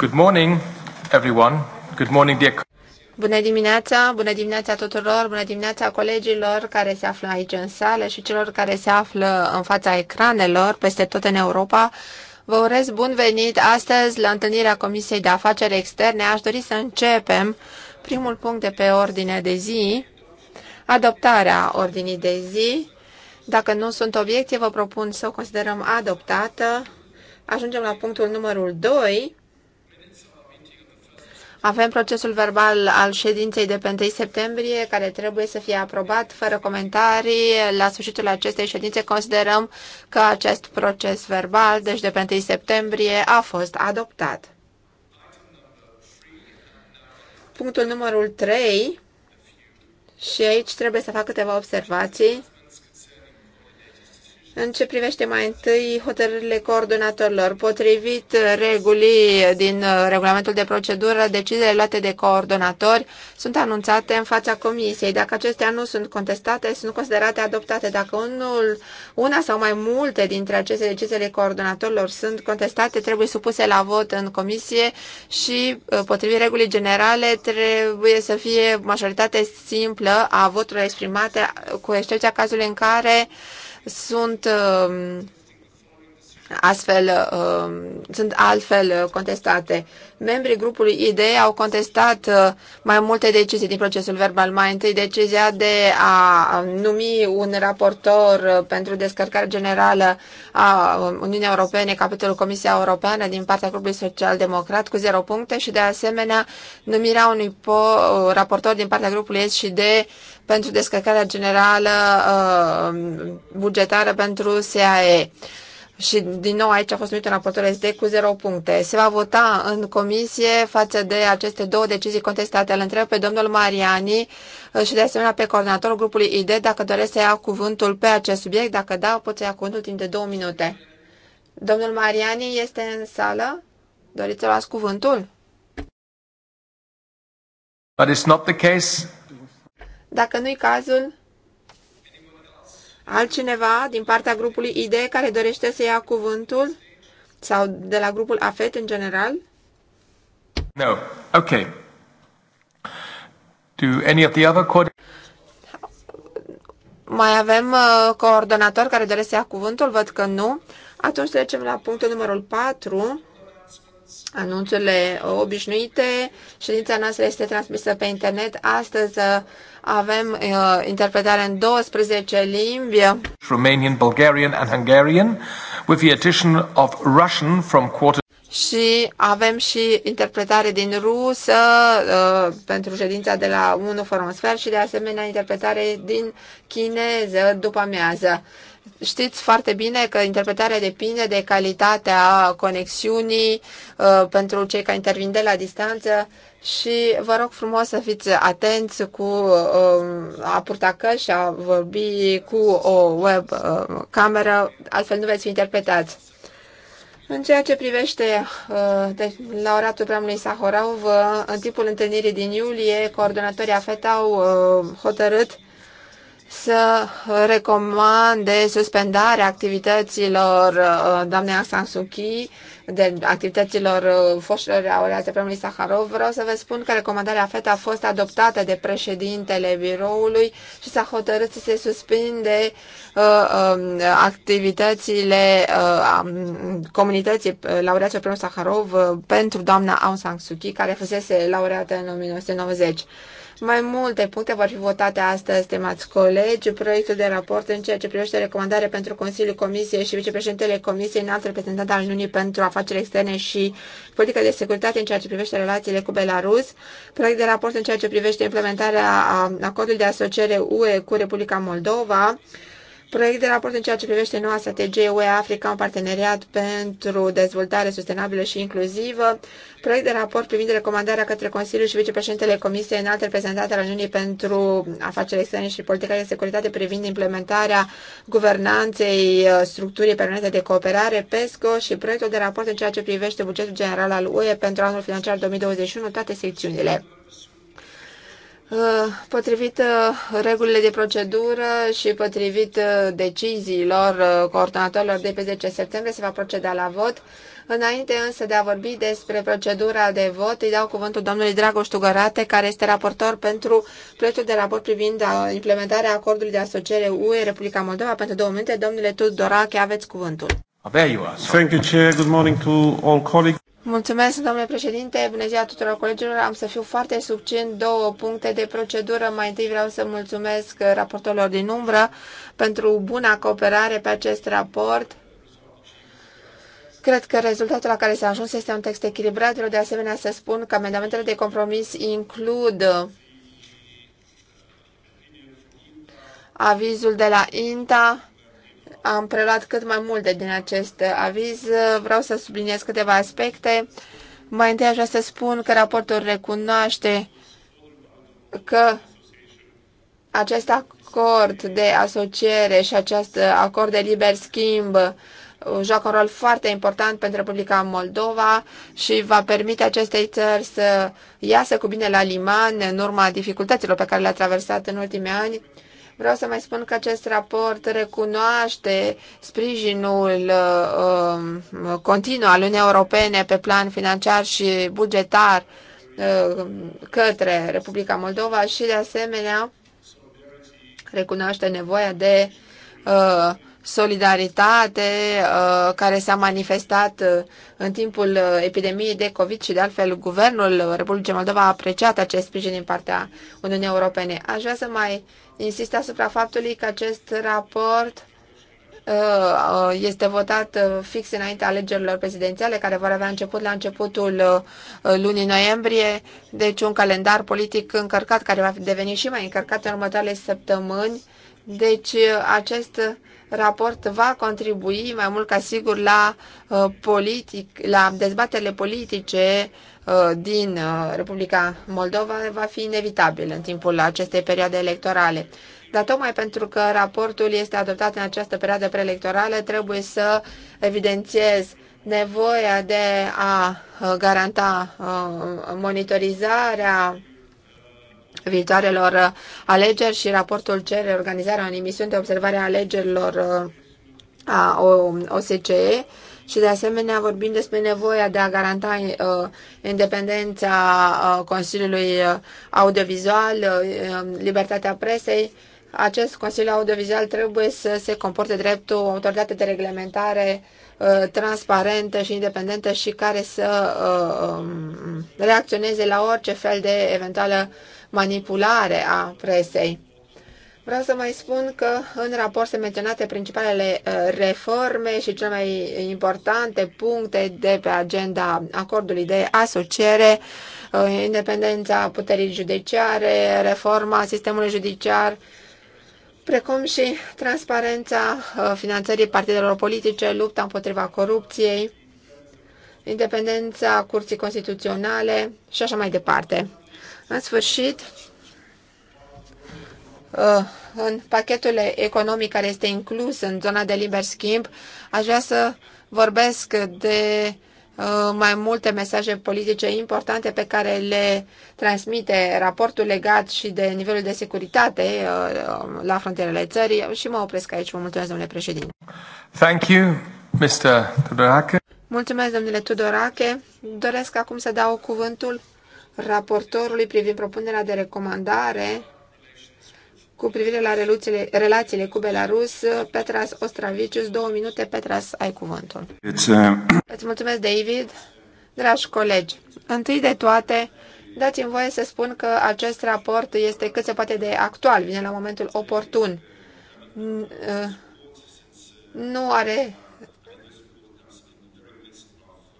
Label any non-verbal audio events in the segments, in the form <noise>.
Good morning, everyone. Good morning, dear... Bună dimineața, bună dimineața tuturor, bună dimineața colegilor care se află aici în sală și celor care se află în fața ecranelor peste tot în Europa. Vă urez bun venit astăzi la întâlnirea Comisiei de Afaceri Externe. Aș dori să începem primul punct de pe ordinea de zi, adoptarea ordinii de zi. Dacă nu sunt obiecții, vă propun să o considerăm adoptată. Ajungem la punctul numărul 2, avem procesul verbal al ședinței de pe 1 septembrie, care trebuie să fie aprobat fără comentarii. La sfârșitul acestei ședințe considerăm că acest proces verbal, deci de pe 1 septembrie, a fost adoptat. Punctul numărul 3 și aici trebuie să fac câteva observații. În ce privește mai întâi hotărârile coordonatorilor, potrivit regulii din uh, regulamentul de procedură, deciziile luate de coordonatori sunt anunțate în fața comisiei. Dacă acestea nu sunt contestate, sunt considerate adoptate. Dacă unul, una sau mai multe dintre aceste deciziile coordonatorilor sunt contestate, trebuie supuse la vot în comisie și, uh, potrivit regulii generale, trebuie să fie majoritate simplă a voturilor exprimate, cu excepția cazului în care sunt uh, astfel, uh, sunt altfel uh, contestate. Membrii grupului ID au contestat uh, mai multe decizii din procesul verbal. Mai întâi decizia de a numi un raportor pentru descărcare generală a Uniunii Europene, capitolul Comisia Europeană din partea grupului social-democrat cu zero puncte și de asemenea numirea unui raportor din partea grupului S și D pentru descărcarea generală uh, bugetară pentru SAE și din nou aici a fost numită raportul SD cu 0 puncte. Se va vota în comisie față de aceste două decizii contestate. Îl întreb pe domnul Mariani uh, și de asemenea pe coordonatorul grupului ID dacă doresc să ia cuvântul pe acest subiect. Dacă da, pot să ia cuvântul timp de două minute. Domnul Mariani este în sală? Doriți să luați cuvântul? But it's not the case. Dacă nu-i cazul, Altcineva din partea grupului ID care dorește să ia cuvântul? Sau de la grupul AFET în general? No. Ok. Do any of the other mai avem uh, coordonator care dorește să ia cuvântul? Văd că nu. Atunci trecem la punctul numărul 4 anunțurile obișnuite. Ședința noastră este transmisă pe internet. Astăzi uh, avem uh, interpretare în 12 limbi. Romanian, Bulgarian and Hungarian with the addition of Russian from quarter și avem și interpretare din rusă uh, pentru ședința de la 1 fără un sfert și de asemenea interpretare din chineză după amiază. Știți foarte bine că interpretarea depinde de calitatea conexiunii uh, pentru cei care intervin de la distanță și vă rog frumos să fiți atenți cu um, a purta căști și a vorbi cu o web uh, cameră, altfel nu veți fi interpretați. În ceea ce privește uh, deci, laureatul preamului Sahorov, în timpul întâlnirii din iulie, coordonatorii AFET au hotărât să recomande suspendarea activităților uh, doamnei Aung San Suu Kyi, de activităților uh, foștilor de premiului Saharov, vreau să vă spun că recomandarea FET a fost adoptată de președintele biroului și s-a hotărât să se suspinde uh, um, activitățile uh, comunității uh, laureaților premiului Saharov uh, pentru doamna Aung San Suu Kyi, care fusese laureată în 1990. Mai multe puncte vor fi votate astăzi, stimați colegi. Proiectul de raport în ceea ce privește recomandarea pentru Consiliul Comisiei și vicepreședintele Comisiei înalt reprezentant al Uniunii pentru afaceri externe și politica de securitate în ceea ce privește relațiile cu Belarus. Proiect de raport în ceea ce privește implementarea acordului de asociere UE cu Republica Moldova proiect de raport în ceea ce privește noua strategie UE Africa, un parteneriat pentru dezvoltare sustenabilă și inclusivă, proiect de raport privind recomandarea către Consiliul și vicepreședintele Comisiei Înalt Reprezentat al Uniunii pentru Afaceri Externe și Politica de Securitate privind implementarea guvernanței uh, structurii permanente de cooperare PESCO și proiectul de raport în ceea ce privește bugetul general al UE pentru anul financiar 2021, toate secțiunile. Uh, potrivit uh, regulile de procedură și potrivit uh, deciziilor coordonatorilor de pe 10 septembrie se va proceda la vot. Înainte însă de a vorbi despre procedura de vot, îi dau cuvântul domnului Dragoș Tugărate, care este raportor pentru proiectul de raport privind implementarea acordului de asociere UE Republica Moldova pentru două minute. Domnule Tudorache, aveți cuvântul. Thank you, Chair. Good morning to all colleagues. Mulțumesc, domnule președinte, bună ziua tuturor colegilor. Am să fiu foarte succint. Două puncte de procedură. Mai întâi vreau să mulțumesc raportorilor din umbră pentru buna cooperare pe acest raport. Cred că rezultatul la care s-a ajuns este un text echilibrat. Vreau de asemenea să spun că amendamentele de compromis includ avizul de la INTA, am preluat cât mai multe din acest aviz. Vreau să subliniez câteva aspecte. Mai întâi aș vrea să spun că raportul recunoaște că acest acord de asociere și acest acord de liber schimb joacă un rol foarte important pentru Republica Moldova și va permite acestei țări să iasă cu bine la liman în urma dificultăților pe care le-a traversat în ultimii ani Vreau să mai spun că acest raport recunoaște sprijinul uh, um, continuu al Uniunii Europene pe plan financiar și bugetar uh, către Republica Moldova și, de asemenea, recunoaște nevoia de uh, solidaritate uh, care s-a manifestat uh, în timpul uh, epidemiei de COVID și de altfel Guvernul Republicii Moldova a apreciat acest sprijin din partea Uniunii Europene. Aș vrea să mai insist asupra faptului că acest raport este votat fix înainte alegerilor prezidențiale care vor avea început la începutul lunii noiembrie, deci un calendar politic încărcat care va deveni și mai încărcat în următoarele săptămâni. Deci acest raport va contribui mai mult ca sigur la, uh, politic, la dezbaterile politice uh, din uh, Republica Moldova va fi inevitabil în timpul acestei perioade electorale. Dar tocmai pentru că raportul este adoptat în această perioadă preelectorală, trebuie să evidențiez nevoia de a garanta monitorizarea viitoarelor uh, alegeri și raportul cere organizarea unei misiuni de observare a alegerilor uh, a OSCE și de asemenea vorbim despre nevoia de a garanta uh, independența Consiliului Audiovizual, um, libertatea presei. Acest Consiliu Audiovizual trebuie să se comporte drept o autoritate de reglementare transparentă și independentă și care să um, reacționeze la orice fel de eventuală manipulare a presei. Vreau să mai spun că în raport sunt menționate principalele uh, reforme și cele mai importante puncte de pe agenda acordului de asociere, uh, independența puterii judiciare, reforma sistemului judiciar, precum și transparența uh, finanțării partidelor politice, lupta împotriva corupției, independența curții constituționale și așa mai departe. În sfârșit, uh, în pachetul economic care este inclus în zona de liber schimb, aș vrea să vorbesc de uh, mai multe mesaje politice importante pe care le transmite raportul legat și de nivelul de securitate uh, la frontierele țării și mă opresc aici. Vă mulțumesc, domnule președinte. Thank you, Mr. Tudorache. Mulțumesc, domnule Tudorache. Doresc acum să dau cuvântul raportorului privind propunerea de recomandare cu privire la reluțiile, relațiile cu Belarus, Petras Ostravicius, două minute, Petras, ai cuvântul. It's, uh, Îți mulțumesc, David. Dragi colegi, întâi de toate, dați-mi voie să spun că acest raport este cât se poate de actual, vine la momentul oportun. Uh, nu are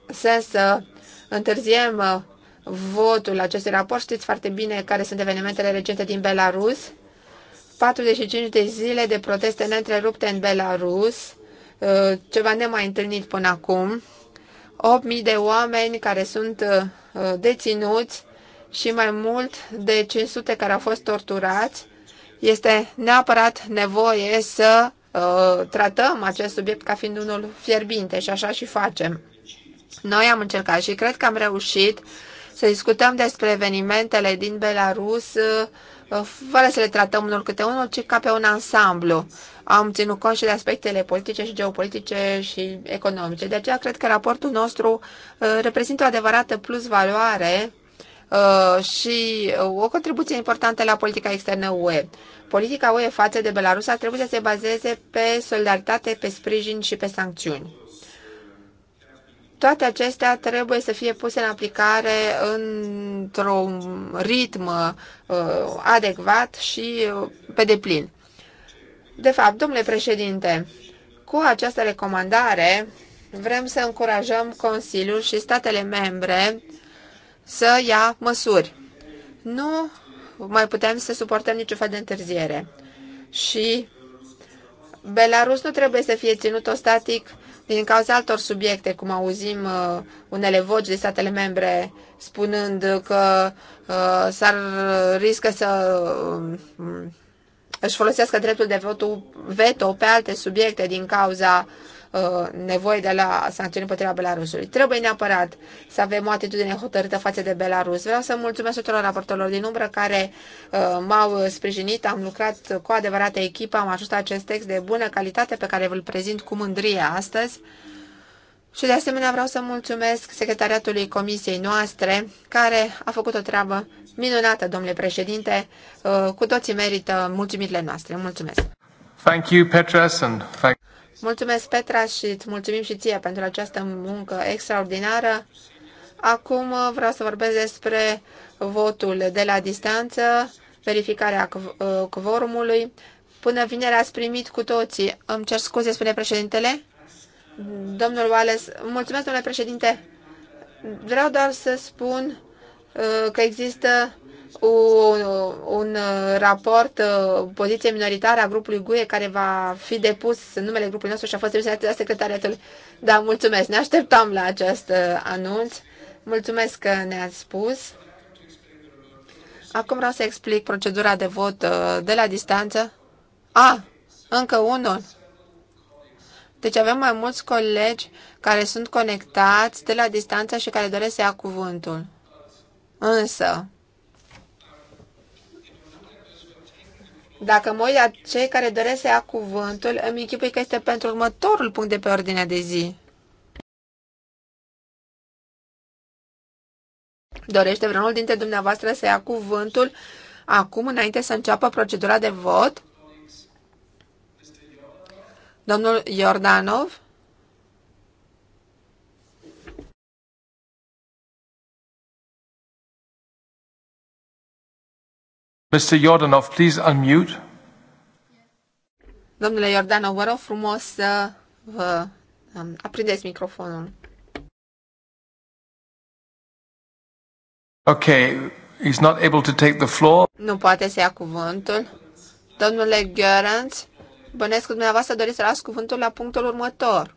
sens să întârziem uh, votul acestui raport. Știți foarte bine care sunt evenimentele recente din Belarus. 45 de zile de proteste neîntrerupte în Belarus, uh, ceva nemai întâlnit până acum. 8.000 de oameni care sunt uh, uh, deținuți și mai mult de 500 care au fost torturați. Este neapărat nevoie să tratăm acest subiect ca fiind unul fierbinte și așa și facem. Noi am încercat și cred că am reușit să discutăm despre evenimentele din Belarus uh, fără să le tratăm unul câte unul, ci ca pe un ansamblu. Am ținut cont și de aspectele politice și geopolitice și economice. De aceea cred că raportul nostru uh, reprezintă o adevărată plus valoare uh, și o contribuție importantă la politica externă UE. Politica UE față de Belarus ar trebui să se bazeze pe solidaritate, pe sprijin și pe sancțiuni. Toate acestea trebuie să fie puse în aplicare într-un ritm uh, adecvat și uh, pe deplin. De fapt, domnule președinte, cu această recomandare vrem să încurajăm Consiliul și statele membre să ia măsuri. Nu mai putem să suportăm niciun fel de întârziere. Și Belarus nu trebuie să fie ținut ostatic din cauza altor subiecte, cum auzim uh, unele voci de statele membre spunând că uh, s-ar riscă să uh, își folosească dreptul de veto pe alte subiecte din cauza uh, Uh, nevoie de la sancțiuni împotriva Belarusului. Trebuie neapărat să avem o atitudine hotărâtă față de Belarus. Vreau să mulțumesc tuturor raportorilor din umbră care uh, m-au sprijinit, am lucrat cu adevărată echipă, am ajuns acest text de bună calitate pe care vă-l prezint cu mândrie astăzi. Și de asemenea vreau să mulțumesc secretariatului comisiei noastre, care a făcut o treabă minunată, domnule președinte. Uh, cu toții merită mulțumirile noastre. Mulțumesc! Thank you, Petras, and thank Mulțumesc, Petra, și îți mulțumim și ție pentru această muncă extraordinară. Acum uh, vreau să vorbesc despre votul de la distanță, verificarea cvorumului. Uh, Până vineri ați primit cu toții. Îmi cer scuze, spune președintele. Domnul Wallace, mulțumesc, domnule președinte. Vreau doar să spun uh, că există un, un uh, raport, uh, poziție minoritară a grupului GUE care va fi depus în numele grupului nostru și a fost trimis la secretariatul. Da, mulțumesc, ne așteptam la acest uh, anunț. Mulțumesc că ne-ați spus. Acum vreau să explic procedura de vot de la distanță. A, încă unul. Deci avem mai mulți colegi care sunt conectați de la distanță și care doresc să ia cuvântul. Însă, Dacă mă uit la cei care doresc să ia cuvântul, îmi închipui că este pentru următorul punct de pe ordinea de zi. Dorește vreunul dintre dumneavoastră să ia cuvântul acum, înainte să înceapă procedura de vot? Domnul Iordanov? Mr. Jordanov, please unmute. Domnule Iordanov, vă rog frumos să vă um, aprindeți microfonul. Okay, he's not able to take the floor. Nu poate să ia cuvântul. Domnule Görans, bănesc că dumneavoastră doriți să las cuvântul la punctul următor.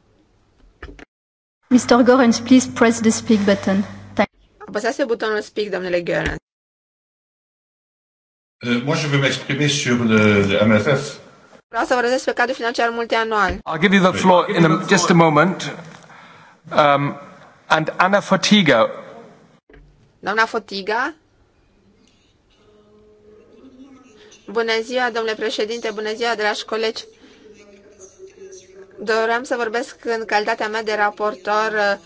Mr. Gorenț, please press the speak button. Apăsați pe butonul speak, domnule Görans. Uh, moi, je veux m'exprimer sur euh, le, le MFF. Vreau să vorbesc pe cadrul financiar multianual. I'll give you the floor in a, just a moment. Um, and Anna Fotiga. Doamna Fotiga? Bună ziua, domnule președinte, bună ziua, dragi colegi. Doream să vorbesc în calitatea mea de raportor uh,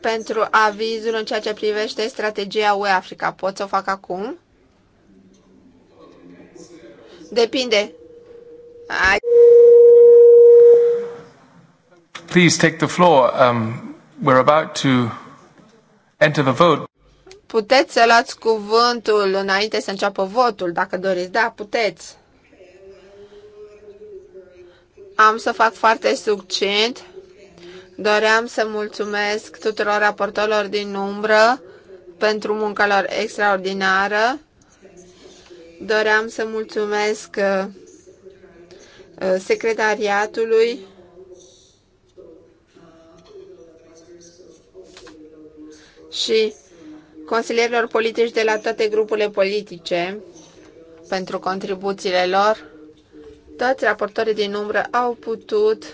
pentru avizul în ceea ce privește strategia UE Africa. Pot să o fac acum? Depinde. Ai... Please take the floor. Um, we're about to enter the vote. Puteți să luați cuvântul înainte să înceapă votul, dacă doriți. Da, puteți. Am să fac foarte succint. Doream să mulțumesc tuturor raportorilor din umbră pentru munca lor extraordinară doream să mulțumesc uh, uh, secretariatului și consilierilor politici de la toate grupurile politice pentru contribuțiile lor. Toți raportorii din umbră au putut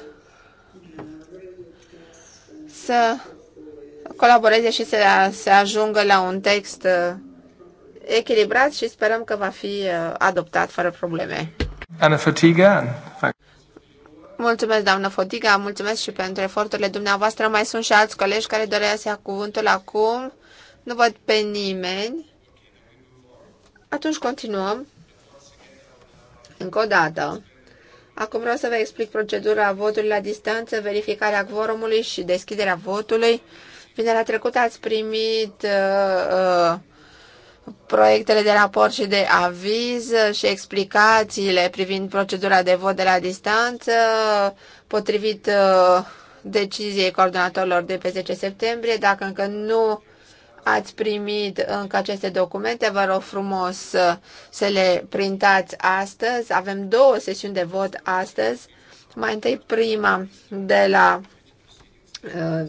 să colaboreze și să, se ajungă la un text uh, echilibrat și sperăm că va fi uh, adoptat fără probleme. Ana Fatiga. Mulțumesc, doamnă Fotiga, mulțumesc și pentru eforturile dumneavoastră. Mai sunt și alți colegi care doreau să ia cuvântul acum. Nu văd pe nimeni. Atunci continuăm. Încă o dată. Acum vreau să vă explic procedura votului la distanță, verificarea quorumului și deschiderea votului. Vinerea trecută ați primit uh, uh, proiectele de raport și de aviz și explicațiile privind procedura de vot de la distanță, potrivit uh, deciziei coordonatorilor de pe 10 septembrie. Dacă încă nu ați primit încă aceste documente, vă rog frumos uh, să le printați astăzi. Avem două sesiuni de vot astăzi. Mai întâi prima de la uh,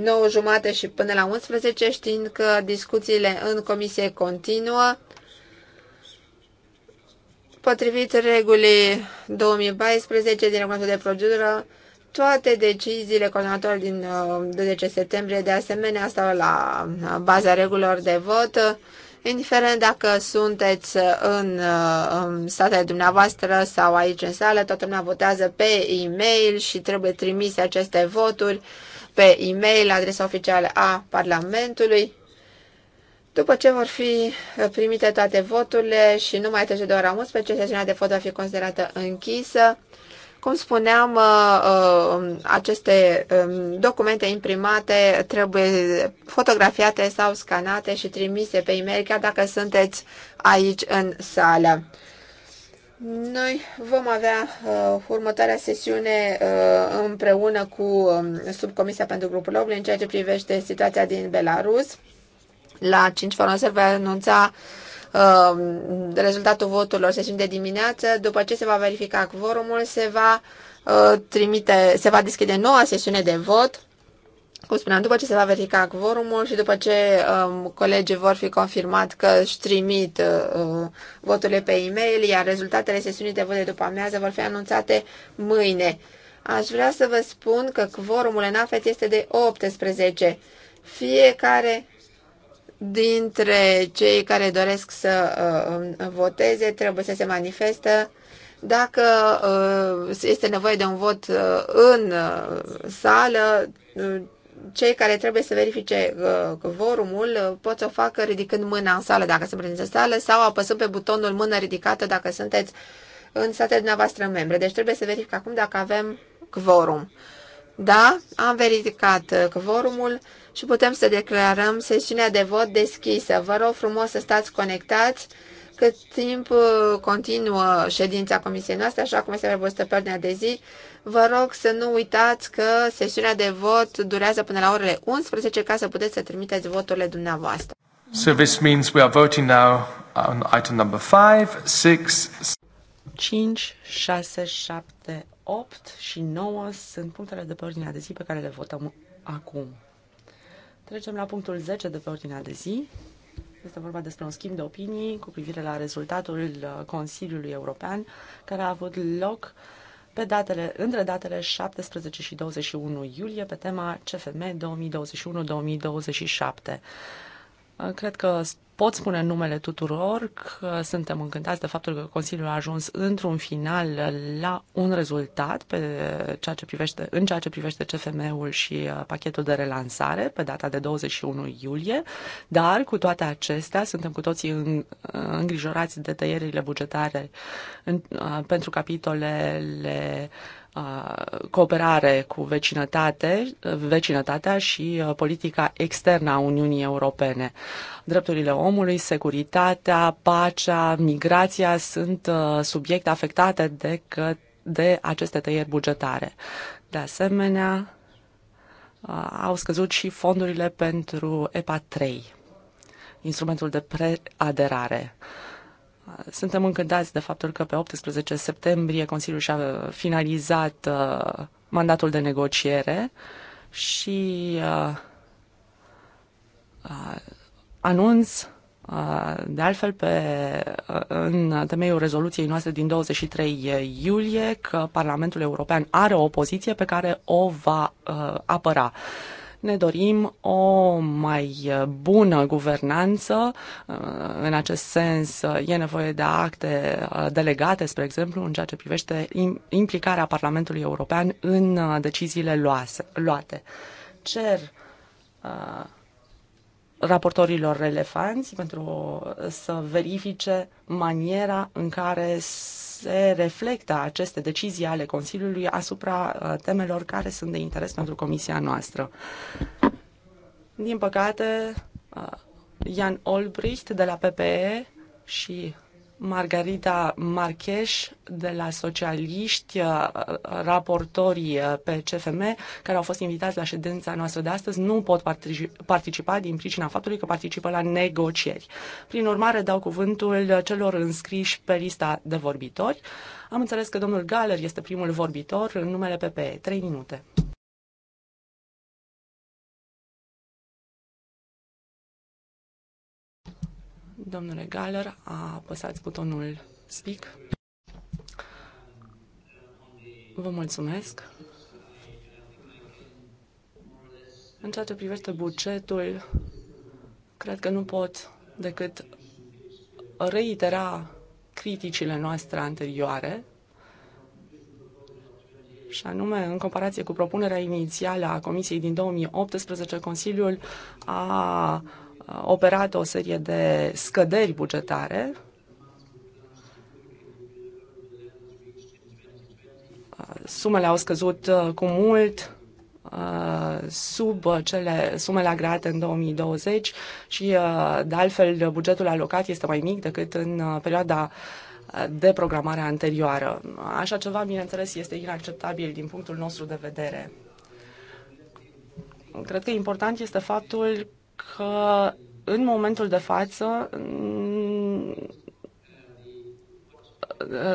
9 jumate și până la 11, știind că discuțiile în comisie continuă. Potrivit regulii 2014 din regulamentul de procedură, toate deciziile coordonatorilor din 12 uh, septembrie, de asemenea, stau la uh, baza regulilor de vot, indiferent dacă sunteți în, uh, în statele dumneavoastră sau aici în sală, toată lumea votează pe e-mail și trebuie trimise aceste voturi pe e-mail adresa oficială a Parlamentului. După ce vor fi primite toate voturile și nu mai târziu de ora 11, sesiunea de vot va fi considerată închisă. Cum spuneam, uh, uh, aceste um, documente imprimate trebuie fotografiate sau scanate și trimise pe e-mail, chiar dacă sunteți aici în sală. Noi vom avea uh, următoarea sesiune uh, împreună cu uh, Subcomisia pentru Grupul Omului în ceea ce privește situația din Belarus. La 5 fără se va anunța uh, rezultatul votului. Se de dimineață. După ce se va verifica quorumul, se va uh, trimite, se va deschide noua sesiune de vot cum spuneam, după ce se va verifica cvorumul și după ce um, colegii vor fi confirmat că își trimit uh, uh, voturile pe e-mail, iar rezultatele sesiunii de vot de după amiază vor fi anunțate mâine. Aș vrea să vă spun că cvorumul în AFET este de 18. Fiecare dintre cei care doresc să uh, um, voteze trebuie să se manifestă dacă uh, este nevoie de un vot uh, în sală, cei care trebuie să verifice uh, vorumul uh, pot să o facă ridicând mâna în sală dacă sunt prezenți în sală sau apăsând pe butonul mână ridicată dacă sunteți în statele dumneavoastră membre. Deci trebuie să verific acum dacă avem quorum. Da, am verificat quorumul uh, și putem să declarăm sesiunea de vot deschisă. Vă rog frumos să stați conectați cât timp uh, continuă ședința comisiei noastre, așa cum este prevăzută pe ordinea de zi, vă rog să nu uitați că sesiunea de vot durează până la orele 11 ca să puteți să trimiteți voturile dumneavoastră. So this means we are voting now on item number 5, 6, 5, 6, 7, 8 și 9 sunt punctele de pe ordinea de zi pe care le votăm acum. Trecem la punctul 10 de pe ordinea de zi. Este vorba despre un schimb de opinii cu privire la rezultatul uh, Consiliului European care a avut loc pe datele, între datele 17 și 21 iulie pe tema CFM 2021-2027. Uh, cred că pot spune numele tuturor că suntem încântați de faptul că Consiliul a ajuns într-un final la un rezultat pe ceea ce privește, în ceea ce privește CFM-ul și uh, pachetul de relansare pe data de 21 iulie, dar cu toate acestea suntem cu toții uh, îngrijorați de tăierile bugetare în, uh, pentru capitolele cooperare cu vecinătate, vecinătatea și politica externă a Uniunii Europene. Drepturile omului, securitatea, pacea, migrația sunt subiecte afectate de, că, de aceste tăieri bugetare. De asemenea, au scăzut și fondurile pentru EPA 3, instrumentul de preaderare. Suntem încădați de faptul că pe 18 septembrie Consiliul și-a finalizat uh, mandatul de negociere și uh, uh, anunț de altfel, pe, în temeiul rezoluției noastre din 23 iulie, că Parlamentul European are o poziție pe care o va apăra ne dorim o mai bună guvernanță. Uh, în acest sens, uh, e nevoie de acte uh, delegate, spre exemplu, în ceea ce privește implicarea Parlamentului European în deciziile luase, luate. Cer raportorilor relevanți pentru să verifice maniera în care se reflectă aceste decizii ale Consiliului asupra uh, temelor care sunt de interes pentru comisia noastră. Din păcate, Jan uh, Olbricht de la PPE și Margarita Marcheș de la socialiști, uh, raportorii uh, pe CFM, care au fost invitați la ședința noastră de astăzi, nu pot participa din pricina faptului că participă la negocieri. Prin urmare, dau cuvântul celor înscriși pe lista de vorbitori. Am înțeles că domnul Galer este primul vorbitor în numele PPE. Trei minute. Domnule Galler, apăsați butonul speak. Vă mulțumesc. În ceea ce privește bugetul, cred că nu pot decât reitera criticile noastre anterioare, și anume, în comparație cu propunerea inițială a Comisiei din 2018, Consiliul a operat o serie de scăderi bugetare. Sumele au scăzut uh, cu mult uh, sub uh, cele sumele agreate în 2020 și, de altfel, bugetul alocat este mai mic decât în perioada de programare anterioară. Așa ceva, bineînțeles, este inacceptabil din punctul nostru de vedere. Cred că important este faptul că în momentul de față uh,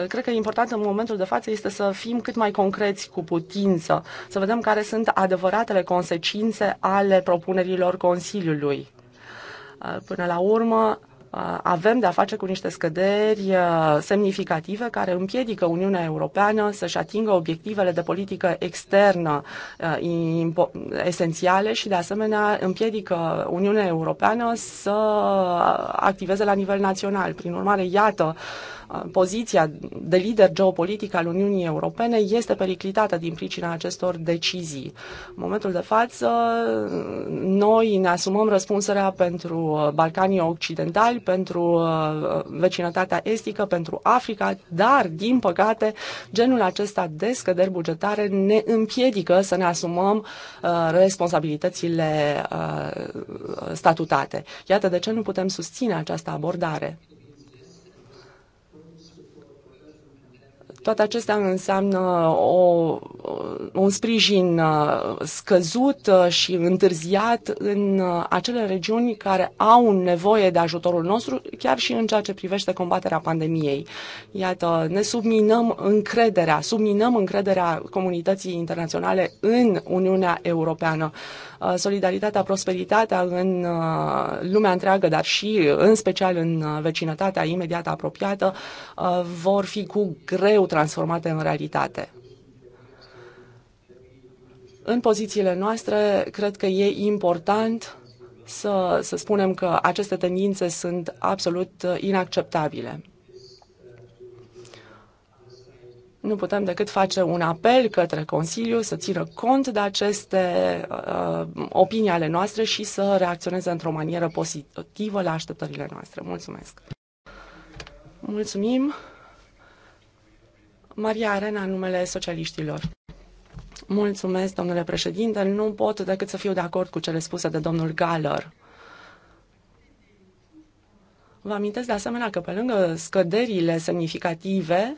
cred că important în momentul de față este să fim cât mai concreți cu putință, să vedem care sunt adevăratele consecințe ale propunerilor Consiliului. Uh, până la urmă, Uh, avem de a face cu niște scăderi uh, semnificative care împiedică Uniunea Europeană să-și atingă obiectivele de politică externă uh, esențiale și, de asemenea, împiedică Uniunea Europeană să activeze la nivel național. Prin urmare, iată poziția de lider geopolitic al Uniunii Europene este periclitată din pricina acestor decizii. În momentul de față, noi ne asumăm răspunsărea pentru Balcanii Occidentali, pentru vecinătatea estică, pentru Africa, dar, din păcate, genul acesta de scăderi bugetare ne împiedică să ne asumăm responsabilitățile statutate. Iată de ce nu putem susține această abordare. Toate acestea înseamnă o, un sprijin uh, scăzut uh, și întârziat în uh, acele regiuni care au nevoie de ajutorul nostru, chiar și în ceea ce privește combaterea pandemiei. Iată, ne subminăm încrederea, subminăm încrederea comunității internaționale în Uniunea Europeană. Uh, solidaritatea, prosperitatea în uh, lumea întreagă, dar și în special în uh, vecinătatea imediat apropiată, vor fi cu greu transformate în realitate. În pozițiile noastre, cred că e important să, să spunem că aceste tendințe sunt absolut inacceptabile. Nu putem decât face un apel către Consiliu să țină cont de aceste uh, opinii ale noastre și să reacționeze într-o manieră pozitivă la așteptările noastre. Mulțumesc! Mulțumim! Maria Arena, în numele socialiștilor. Mulțumesc, domnule președinte. Nu pot decât să fiu de acord cu cele spuse de domnul Galler. Vă amintesc de asemenea că pe lângă scăderile semnificative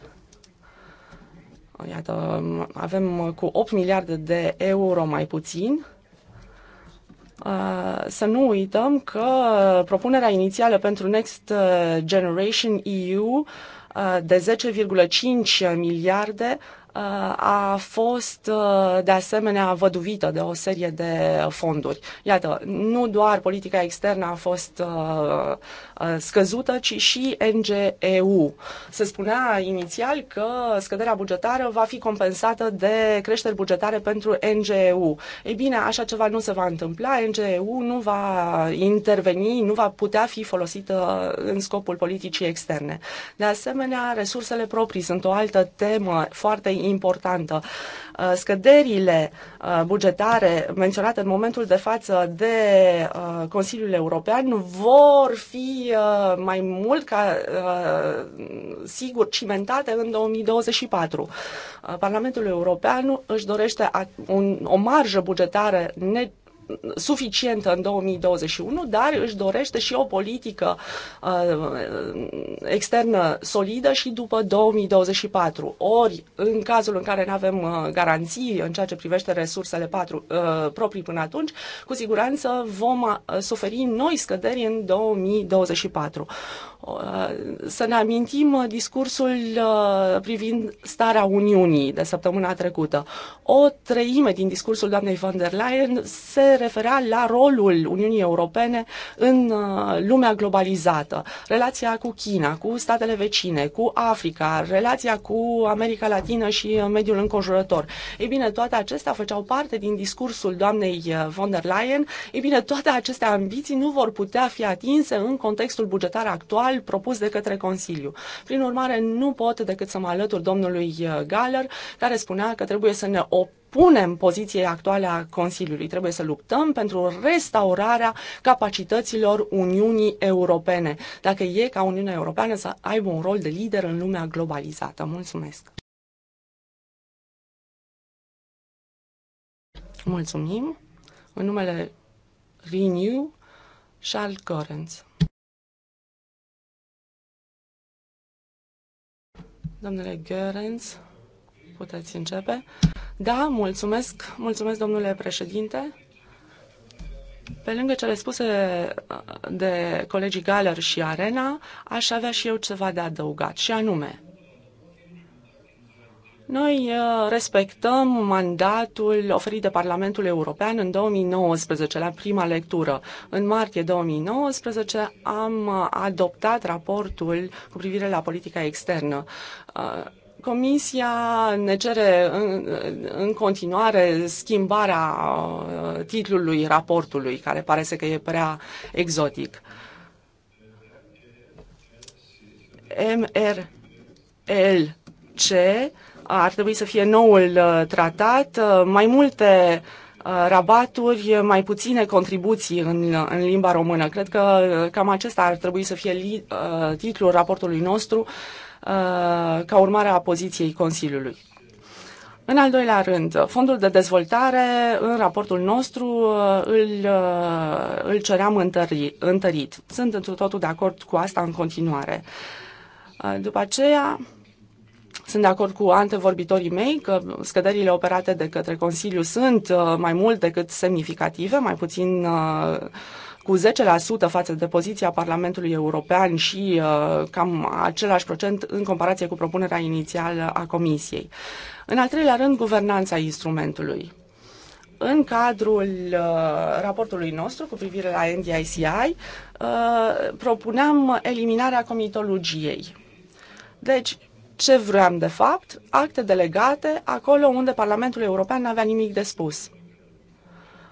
Iată, avem cu 8 miliarde de euro mai puțin. Să nu uităm că propunerea inițială pentru Next Generation EU de 10,5 miliarde a fost uh, de asemenea văduvită de o serie de fonduri. Iată, nu doar politica externă a fost uh, uh, scăzută, ci și NGEU. Se spunea inițial că scăderea bugetară va fi compensată de creșteri bugetare pentru NGEU. Ei bine, așa ceva nu se va întâmpla, NGEU nu va interveni, nu va putea fi folosită în scopul politicii externe. De asemenea, resursele proprii sunt o altă temă foarte importantă. Uh, scăderile uh, bugetare menționate în momentul de față de uh, Consiliul European vor fi mai mult ca sigur cimentate în 2024. Parlamentul European își dorește o marjă bugetară ne suficientă în 2021, dar își dorește și o politică uh, externă solidă și după 2024. Ori, în cazul în care nu avem uh, garanții în ceea ce privește resursele patru, uh, proprii până atunci, cu siguranță vom suferi noi scăderi în 2024. să ne amintim discursul privind starea Uniunii de săptămâna trecută. O treime din discursul doamnei von der Leyen se referea la rolul Uniunii Europene în uh, lumea globalizată. Relația cu China, cu statele vecine, cu Africa, relația cu America Latină și uh, mediul înconjurător. Ei bine, toate acestea făceau parte din discursul doamnei uh, von der Leyen. Ei bine, toate aceste ambiții nu vor putea fi atinse în contextul bugetar actual propus de către Consiliu. Prin urmare, nu pot decât să mă alătur domnului Galler, care spunea că trebuie să ne op opunem poziției actuale a Consiliului. Trebuie să luptăm pentru restaurarea capacităților Uniunii Europene, dacă e ca Uniunea Europeană să aibă un rol de lider în lumea globalizată. Mulțumesc! Mulțumim! În numele Renew, Charles Gorenz. Domnule Gorenz, puteți începe. Da, mulțumesc, mulțumesc domnule președinte. Pe lângă cele spuse de colegii Galer și Arena, aș avea și eu ceva de adăugat, și anume, noi uh, respectăm mandatul oferit de Parlamentul European în 2019, la prima lectură. În martie 2019 am uh, adoptat raportul cu privire la politica externă. Uh, Comisia ne cere în, în continuare schimbarea uh, titlului raportului, care pare să că e prea exotic. MRLC ar trebui să fie noul uh, tratat, uh, mai multe rabaturi, mai puține contribuții în, în limba română. Cred că cam acesta ar trebui să fie li, titlul raportului nostru Uh, ca urmare a poziției Consiliului. În al doilea rând, fondul de dezvoltare, în raportul nostru, uh, îl, uh, îl ceream întări, întărit. Sunt într totul de acord cu asta în continuare. După aceea, sunt de acord cu antevorbitorii mei că scăderile operate de către Consiliu sunt mai mult decât semnificative, mai puțin uh, cu 10% față de poziția Parlamentului European și uh, cam același procent în comparație cu propunerea inițială a Comisiei. În al treilea rând, guvernanța instrumentului. În cadrul uh, raportului nostru cu privire la NDICI, uh, propuneam eliminarea comitologiei. Deci, ce vreau de fapt? Acte delegate acolo unde Parlamentul European nu avea nimic de spus.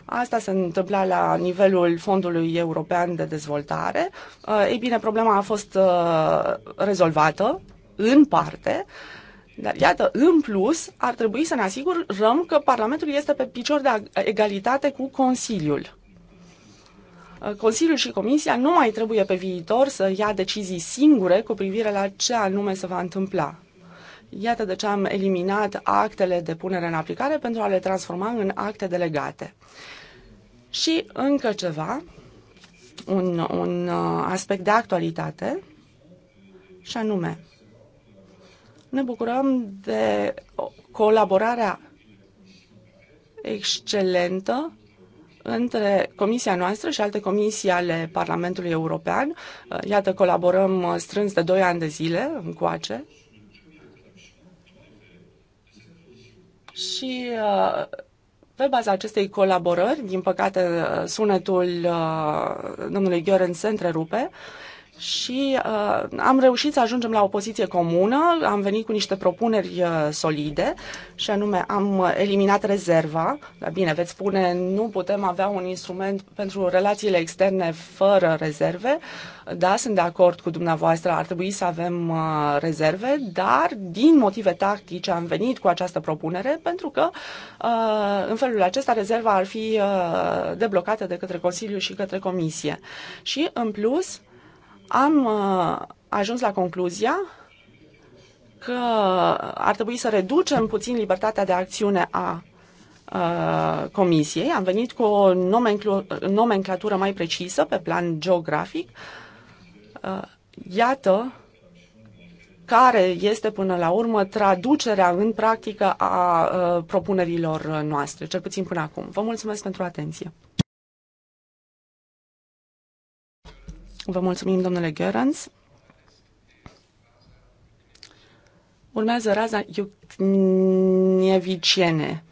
Asta se întâmpla la nivelul Fondului European de Dezvoltare. Uh, ei bine, problema a fost uh, rezolvată în parte, dar iată, în plus, ar trebui să ne asigurăm că Parlamentul este pe picior de egalitate cu Consiliul. Uh, Consiliul și Comisia nu mai trebuie pe viitor să ia decizii singure cu privire la ce anume se va întâmpla. Iată de ce am eliminat actele de punere în aplicare pentru a le transforma în acte delegate. Și încă ceva, un, un uh, aspect de actualitate, și anume, ne bucurăm de colaborarea excelentă între comisia noastră și alte comisii ale Parlamentului European. Uh, iată, colaborăm uh, strâns de 2 ani de zile încoace Și uh, pe baza acestei colaborări, din păcate, uh, sunetul uh, domnului Gheorghe se întrerupe și uh, am reușit să ajungem la o poziție comună, am venit cu niște propuneri uh, solide și anume am eliminat rezerva, dar bine, veți spune, nu putem avea un instrument pentru relațiile externe fără rezerve, da, sunt de acord cu dumneavoastră, ar trebui să avem uh, rezerve, dar din motive tactice am venit cu această propunere pentru că uh, în felul acesta rezerva ar fi uh, deblocată de către Consiliu și către Comisie. Și în plus, uh, am uh, ajuns la concluzia că ar trebui să reducem puțin libertatea de acțiune a uh, Comisiei. Am venit cu o nomenclatură mai precisă pe plan geografic. Uh, iată care este până la urmă traducerea în practică a propunerilor noastre, cel puțin până acum. Vă mulțumesc pentru atenție. Vă mulțumim, domnule Gerans. Urmează raza Iucneviciene,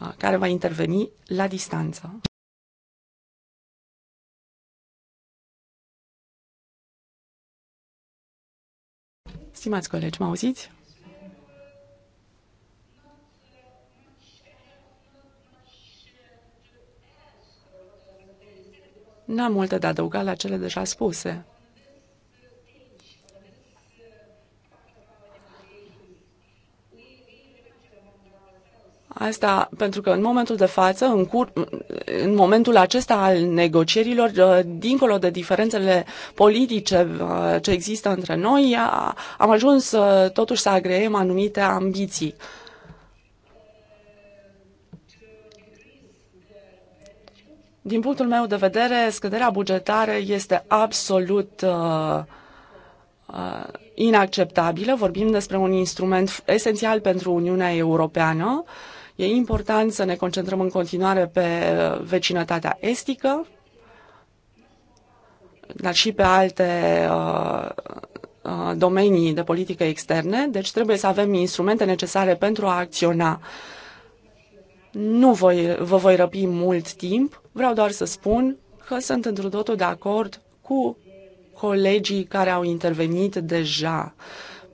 uh, care va interveni la distanță. Stimați colegi, mă auziți? N-am multe de adăugat la cele deja spuse. Asta pentru că în momentul de față, în, cur, în momentul acesta al negocierilor, uh, dincolo de diferențele politice uh, ce există între noi, am ajuns uh, totuși să agreem anumite ambiții Din punctul meu de vedere, scăderea bugetară este absolut uh, uh, inacceptabilă. Vorbim despre un instrument esențial pentru Uniunea Europeană. E important să ne concentrăm în continuare pe uh, vecinătatea estică, dar și pe alte domenii de politică externe, deci trebuie să avem instrumente necesare pentru a acționa. Nu voi, vă voi răpi mult timp. Vreau doar să spun că sunt într totul de acord cu colegii care au intervenit deja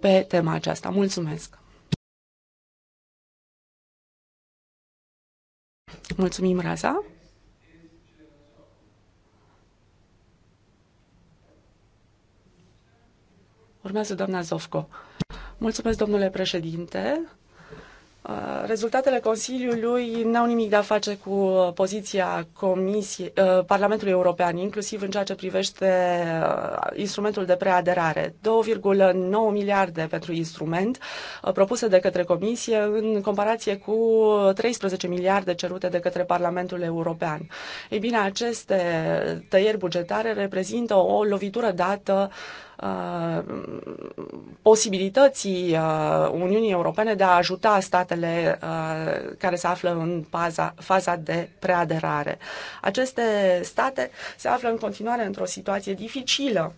pe tema aceasta. Mulțumesc! Mulțumim, Raza! Urmează doamna Zovco. Mulțumesc, domnule președinte. Uh, rezultatele Consiliului n-au nimic de a face cu poziția uh, Parlamentului European, inclusiv în ceea ce privește uh, instrumentul de preaderare. 2,9 miliarde pentru instrument propuse de către Comisie în comparație cu 13 miliarde cerute de către Parlamentul European. Ei bine, aceste tăieri bugetare reprezintă o lovitură dată posibilității Uniunii Europene de a ajuta statele statele uh, care se află în paza, faza de preaderare. Aceste state se află în continuare într-o situație dificilă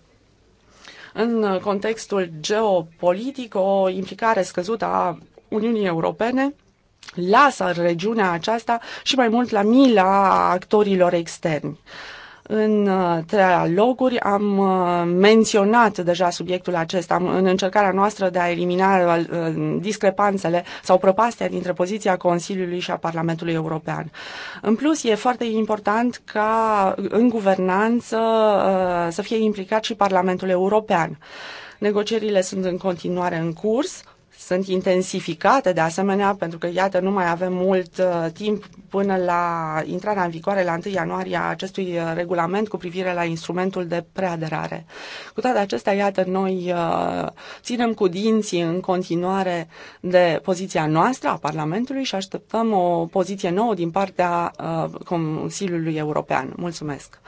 în contextul geopolitic, o implicare scăzută a Uniunii Europene lasă regiunea aceasta și mai mult la mila actorilor externi. Uh, în uh, trialoguri am uh, menționat deja subiectul acesta în încercarea noastră de a elimina uh, discrepanțele sau prăpastea dintre poziția Consiliului și a Parlamentului European. În plus, e foarte important ca în guvernanță să fie implicat și Parlamentul European. Negocierile sunt în continuare în curs sunt intensificate de asemenea, pentru că, iată, nu mai avem mult uh, timp până la intrarea în vigoare la 1 ianuarie a acestui uh, regulament cu privire la instrumentul de preaderare. Cu toate acestea, iată, noi uh, ținem cu dinții în continuare de poziția noastră a Parlamentului și așteptăm o poziție nouă din partea uh, Consiliului European. Mulțumesc!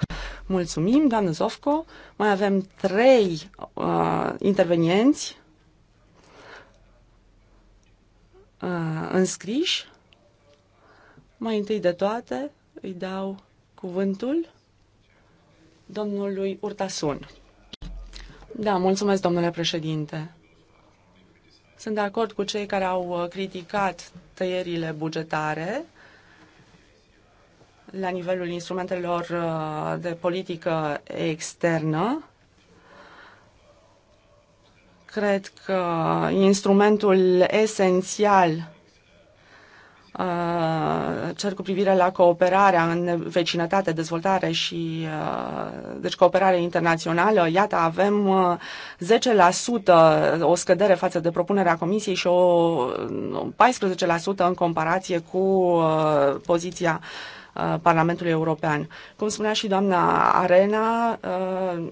Mulțumim, doamnă Zofco. Mai avem trei uh, intervenienți uh, înscriși. Mai întâi de toate îi dau cuvântul domnului Urtasun. Da, mulțumesc, domnule președinte. Sunt de acord cu cei care au uh, criticat tăierile bugetare la nivelul instrumentelor uh, de politică externă. Cred că instrumentul esențial uh, cel cu privire la cooperarea în vecinătate, dezvoltare și uh, deci cooperare internațională, iată, avem 10% uh, o scădere față de propunerea Comisiei și o 14% în comparație cu poziția Uh, Parlamentului European. Cum spunea și doamna Arena, uh,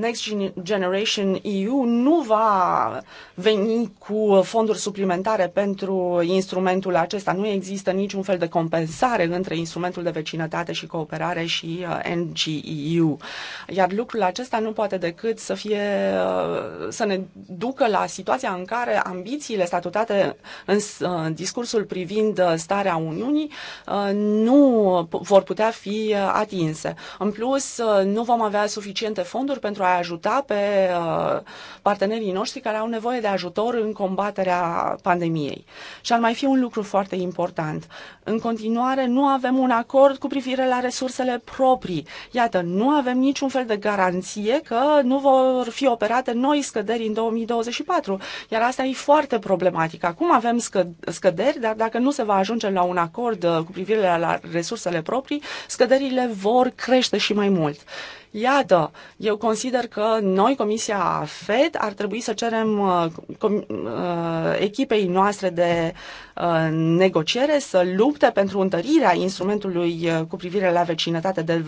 Next Generation EU nu va veni cu fonduri suplimentare pentru instrumentul acesta. Nu există niciun fel de compensare între instrumentul de vecinătate și cooperare și uh, NGEU. Iar lucrul acesta nu poate decât să fie să ne ducă la situația în care ambițiile statutate în discursul privind starea Uniunii nu vor putea fi uh, atinse. În plus, uh, nu vom avea suficiente fonduri pentru a ajuta pe uh, partenerii noștri care au nevoie de ajutor în combaterea pandemiei. Și ar mai fi un lucru foarte important. În continuare, nu avem un acord cu privire la resursele proprii. Iată, nu avem niciun fel de garanție că nu vor fi operate noi scăderi în 2024, iar asta e foarte problematic. Acum avem scăderi, dar dacă nu se va ajunge la un acord cu privire la resursele resursele proprii, scăderile vor crește și mai mult. Iată, eu consider că noi, Comisia FED, ar trebui să cerem uh, uh echipei noastre de uh, negociere să lupte pentru întărirea instrumentului uh, cu privire la vecinătate, de,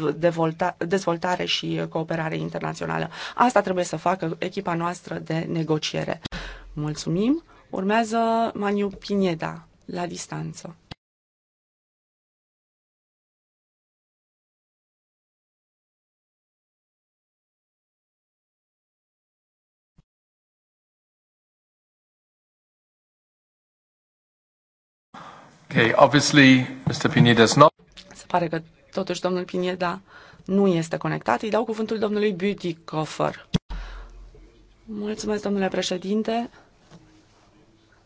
dezvoltare și uh, cooperare internațională. Asta trebuie să facă echipa noastră de negociere. Mulțumim! Urmează Maniu Pineda, la distanță. Okay, obviously, Mr. Pineda is not... Se pare că totuși domnul Pineda nu este conectat. Îi dau cuvântul domnului Coffer. Mulțumesc, domnule președinte.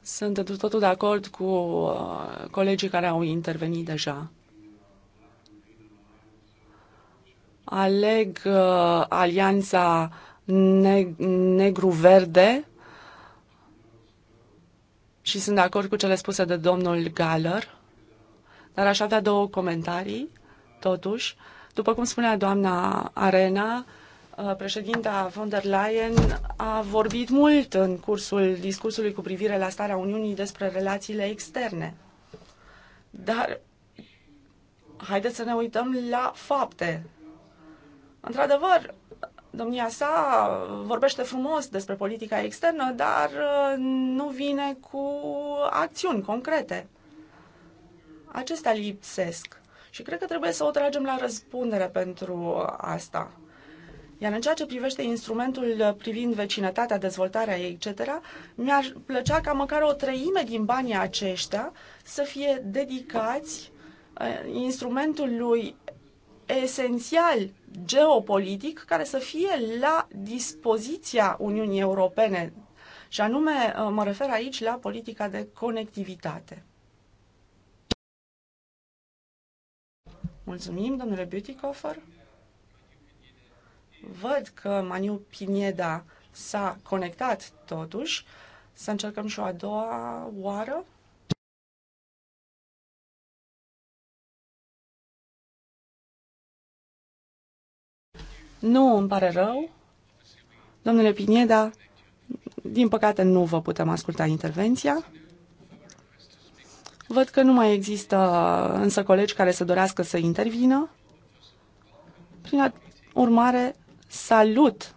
Sunt de totul de acord cu uh, colegii care au intervenit deja. Aleg uh, alianța neg- negru-verde și sunt de acord cu cele spuse de domnul Galler, dar aș avea două comentarii, totuși. După cum spunea doamna Arena, uh, președinta von der Leyen a vorbit mult în cursul discursului cu privire la starea Uniunii despre relațiile externe. Dar haideți să ne uităm la fapte. Într-adevăr, domnia sa vorbește frumos despre politica externă, dar uh, nu vine cu acțiuni concrete. Acestea lipsesc. Și cred că trebuie să o tragem la răspundere pentru asta. Iar în ceea ce privește instrumentul privind vecinătatea, dezvoltarea ei, etc., mi-ar plăcea ca măcar o treime din banii aceștia să fie dedicați uh, instrumentului esențial geopolitic care să fie la dispoziția Uniunii Europene. Și anume, uh, mă refer aici la politica de conectivitate. Mulțumim, domnule Beautycoffer. Văd că Maniu Pineda s-a conectat totuși. Să încercăm și o a doua oară. Nu, îmi pare rău. Domnule Pineda, din păcate nu vă putem asculta intervenția. Văd că nu mai există însă colegi care să dorească să intervină. Prin urmare, salut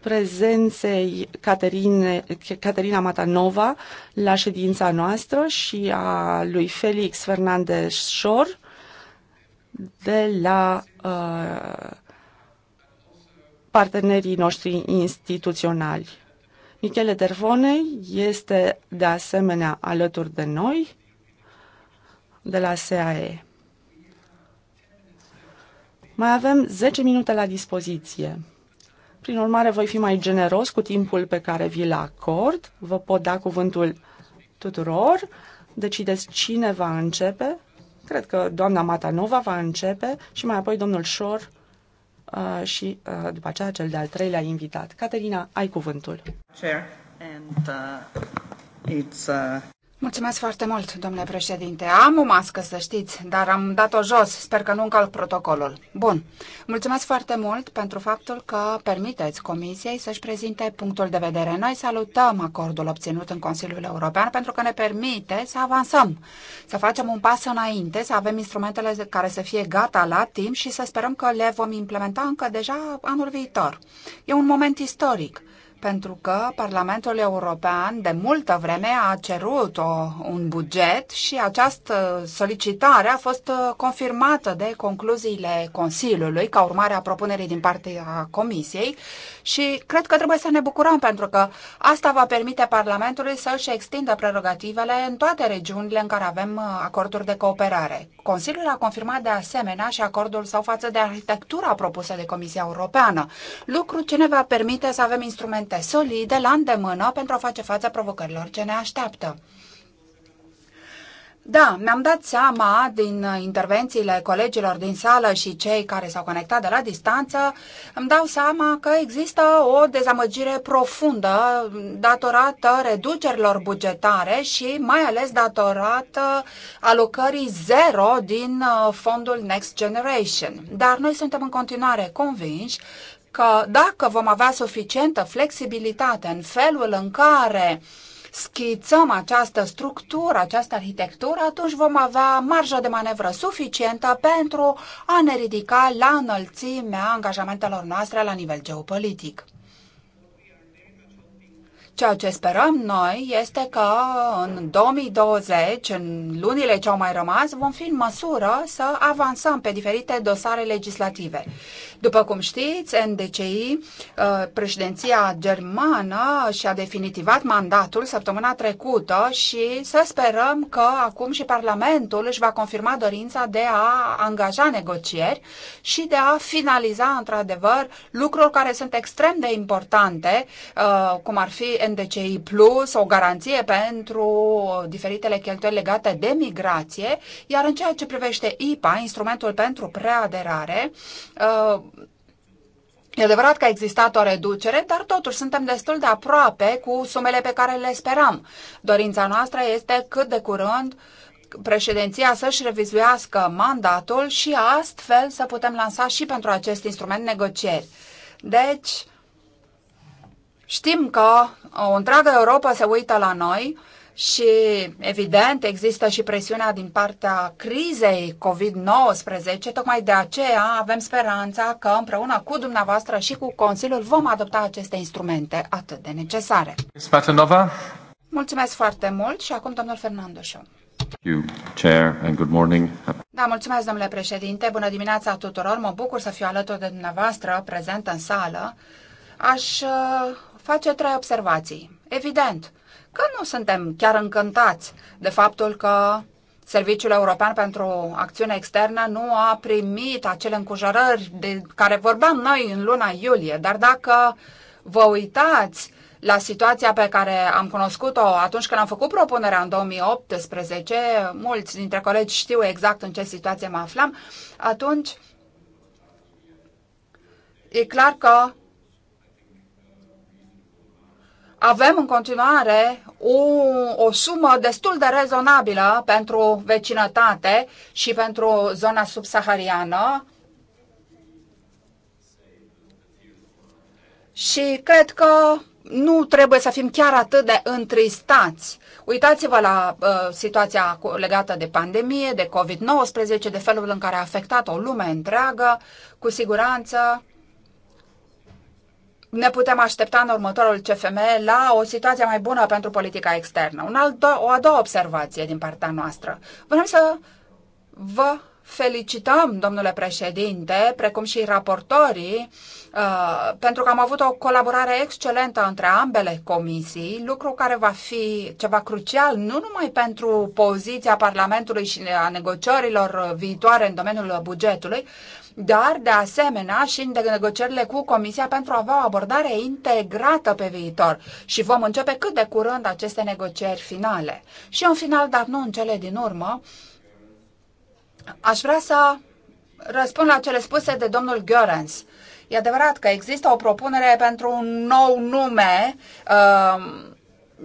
prezenței Caterine, Caterina Matanova la ședința noastră și a lui Felix Fernandez Șor, de la uh, partenerii noștri instituționali. Michele Dervone este de asemenea alături de noi de la SAE. Mai avem 10 minute la dispoziție. Prin urmare, voi fi mai generos cu timpul pe care vi-l acord. Vă pot da cuvântul tuturor. Decideți cine va începe Cred că doamna Matanova va începe și mai apoi domnul Șor uh, și uh, după aceea cel de-al treilea invitat. Caterina, ai cuvântul. Chair, and, uh, it's, uh... Mulțumesc foarte mult, domnule președinte. Am o mască, să știți, dar am dat-o jos. Sper că nu încalc protocolul. Bun. Mulțumesc foarte mult pentru faptul că permiteți Comisiei să-și prezinte punctul de vedere. Noi salutăm acordul obținut în Consiliul European pentru că ne permite să avansăm, să facem un pas înainte, să avem instrumentele care să fie gata la timp și să sperăm că le vom implementa încă deja anul viitor. E un moment istoric pentru că Parlamentul European de multă vreme a cerut o, un buget și această solicitare a fost uh, confirmată de concluziile Consiliului ca urmare a propunerii din partea Comisiei și cred că trebuie să ne bucurăm pentru că asta va permite Parlamentului să își extindă prerogativele în toate regiunile în care avem uh, acorduri de cooperare. Consiliul a confirmat de asemenea și acordul său față de arhitectura propusă de Comisia Europeană, lucru ce ne va permite să avem instrumente instrumente solide la îndemână pentru a face față provocărilor ce ne așteaptă. Da, mi-am dat seama din intervențiile colegilor din sală și cei care s-au conectat de la distanță, îmi dau seama că există o dezamăgire profundă datorată reducerilor bugetare și mai ales datorată alocării zero din uh, fondul Next Generation. Dar noi suntem în continuare convinși că dacă vom avea suficientă flexibilitate în felul în care schițăm această structură, această arhitectură, atunci vom avea marjă de manevră suficientă pentru a ne ridica la înălțimea angajamentelor noastre la nivel geopolitic. Ceea ce sperăm noi este că în 2020, în lunile ce au mai rămas, vom fi în măsură să avansăm pe diferite dosare legislative. După cum știți, NDCI, uh, președinția germană, și-a definitivat mandatul săptămâna trecută și să sperăm că acum și Parlamentul își va confirma dorința de a angaja negocieri și de a finaliza, într-adevăr, lucruri care sunt extrem de importante, uh, cum ar fi NDCI Plus, o garanție pentru diferitele cheltuieli legate de migrație, iar în ceea ce privește IPA, instrumentul pentru preaderare, uh, E adevărat că a existat o reducere, dar totuși suntem destul de aproape cu sumele pe care le speram. Dorința noastră este cât de curând președinția să-și revizuiască mandatul și astfel să putem lansa și pentru acest instrument negocieri. Deci, știm că o întreagă Europa se uită la noi și, evident, există și presiunea din partea crizei COVID-19. Tocmai de aceea avem speranța că împreună cu dumneavoastră și cu Consiliul vom adopta aceste instrumente atât de necesare. Spatanova. Mulțumesc foarte mult și acum domnul Fernando Show. You, Chair, and good morning. Da, mulțumesc, domnule președinte. Bună dimineața tuturor. Mă bucur să fiu alături de dumneavoastră, prezent în sală. Aș uh, face trei observații. Evident, că nu suntem chiar încântați de faptul că Serviciul European pentru Acțiune Externă nu a primit acele încujărări de care vorbeam noi în luna iulie, dar dacă vă uitați la situația pe care am cunoscut-o atunci când am făcut propunerea în 2018, mulți dintre colegi știu exact în ce situație mă aflam, atunci e clar că avem în continuare o, o sumă destul de rezonabilă pentru vecinătate și pentru zona subsahariană. Și cred că nu trebuie să fim chiar atât de întristați. Uitați-vă la uh, situația legată de pandemie, de COVID-19, de felul în care a afectat o lume întreagă. Cu siguranță ne putem aștepta în următorul CFM la o situație mai bună pentru politica externă. Un alt, o a doua observație din partea noastră. Vrem să vă felicităm, domnule președinte, precum și raportorii, uh, pentru că am avut o colaborare excelentă între ambele comisii, lucru care va fi ceva crucial nu numai pentru poziția Parlamentului și a negociorilor viitoare în domeniul bugetului, dar de asemenea și în negocierile cu Comisia pentru a avea o abordare integrată pe viitor și vom începe cât de curând aceste negocieri finale. Și în final, dar nu în cele din urmă, aș vrea să răspund la cele spuse de domnul Görens. E adevărat că există o propunere pentru un nou nume. Uh,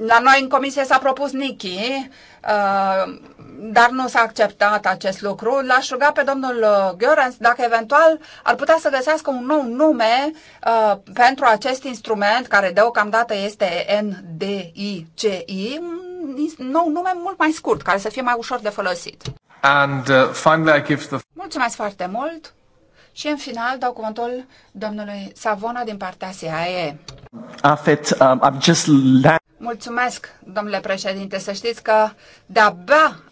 la noi în comisie s-a propus Nichi. Uh, dar nu s-a acceptat acest lucru. L-aș ruga pe domnul uh, Gheorens dacă eventual ar putea să găsească un nou nume uh, pentru acest instrument, care deocamdată este NDICI, un nou nume mult mai scurt, care să fie mai ușor de folosit. And, uh, finally, I give the... Mulțumesc foarte mult! Și în final dau cuvântul domnului Savona din partea SAE. Afet, um, I'm just... Mulțumesc, domnule președinte. Să știți că de-abia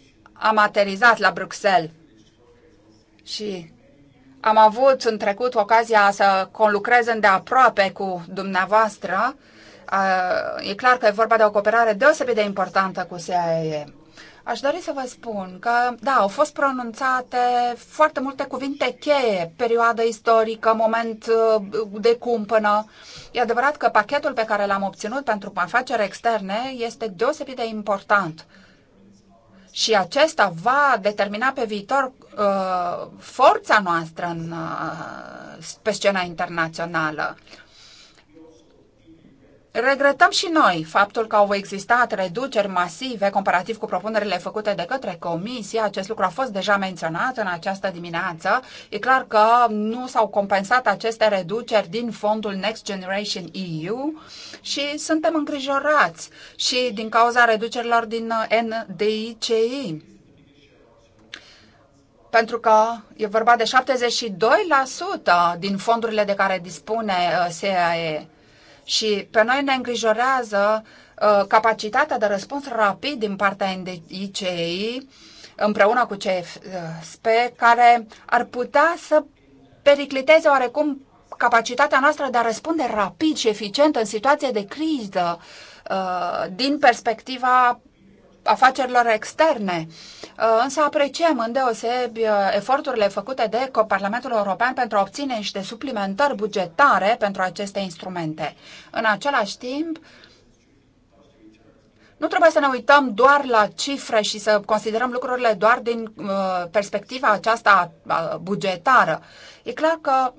am aterizat la Bruxelles și am avut în trecut ocazia să conlucrez îndeaproape cu dumneavoastră. E clar că e vorba de o cooperare deosebit de importantă cu SAE. Aș dori să vă spun că, da, au fost pronunțate foarte multe cuvinte cheie, perioadă istorică, moment uh, de cumpănă. E adevărat că pachetul pe care l-am obținut pentru afaceri externe este deosebit de important și acesta va determina pe viitor uh, forța noastră în, uh, pe scena internațională. Regretăm și noi faptul că au existat reduceri masive comparativ cu propunerile făcute de către comisie. Acest lucru a fost deja menționat în această dimineață. E clar că nu s-au compensat aceste reduceri din fondul Next Generation EU și suntem îngrijorați și din cauza reducerilor din NDICI pentru că e vorba de 72% din fondurile de care dispune SAE. Uh, și pe noi ne îngrijorează uh, capacitatea de răspuns rapid din partea ICEI împreună cu CFSP, care ar putea să pericliteze oarecum capacitatea noastră de a răspunde rapid și eficient în situație de criză uh, din perspectiva afacerilor externe. Uh, însă apreciem îndeosebi uh, eforturile făcute de Parlamentul European pentru a obține niște suplimentări bugetare pentru aceste instrumente. În același timp, nu trebuie să ne uităm doar la cifre și să considerăm lucrurile doar din uh, perspectiva aceasta bugetară. E clar că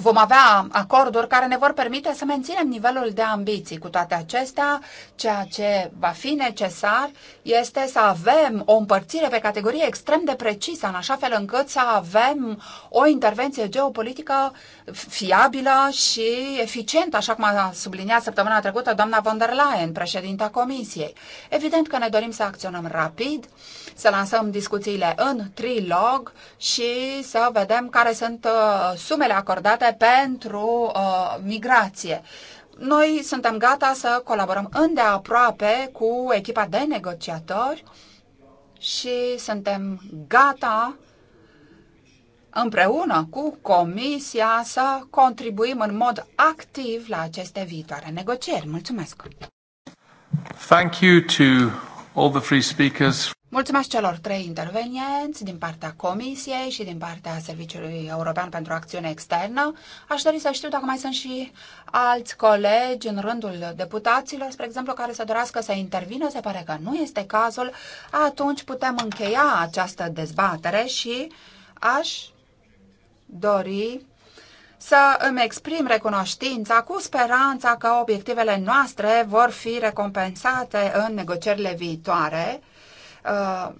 vom avea acorduri care ne vor permite să menținem nivelul de ambiții. Cu toate acestea, ceea ce va fi necesar este să avem o împărțire pe categorie extrem de precisă, în așa fel încât să avem o intervenție geopolitică fiabilă și eficientă, așa cum a subliniat săptămâna trecută doamna von der Leyen, președinta Comisiei. Evident că ne dorim să acționăm rapid, să lansăm discuțiile în trilog și să vedem care sunt uh, sumele acordate propunere pentru uh, migrație. Noi suntem gata să colaborăm îndeaproape cu echipa de negociatori și suntem gata împreună cu Comisia să contribuim în mod activ la aceste viitoare negocieri. Mulțumesc! Thank you to all the free speakers. Mulțumesc celor trei intervenienți din partea Comisiei și din partea Serviciului European pentru Acțiune Externă. Aș dori să știu dacă mai sunt și alți colegi în rândul deputaților, spre exemplu, care să dorească să intervină. Se pare că nu este cazul. Atunci putem încheia această dezbatere și aș dori să îmi exprim recunoștința cu speranța că obiectivele noastre vor fi recompensate în negocierile viitoare Uh,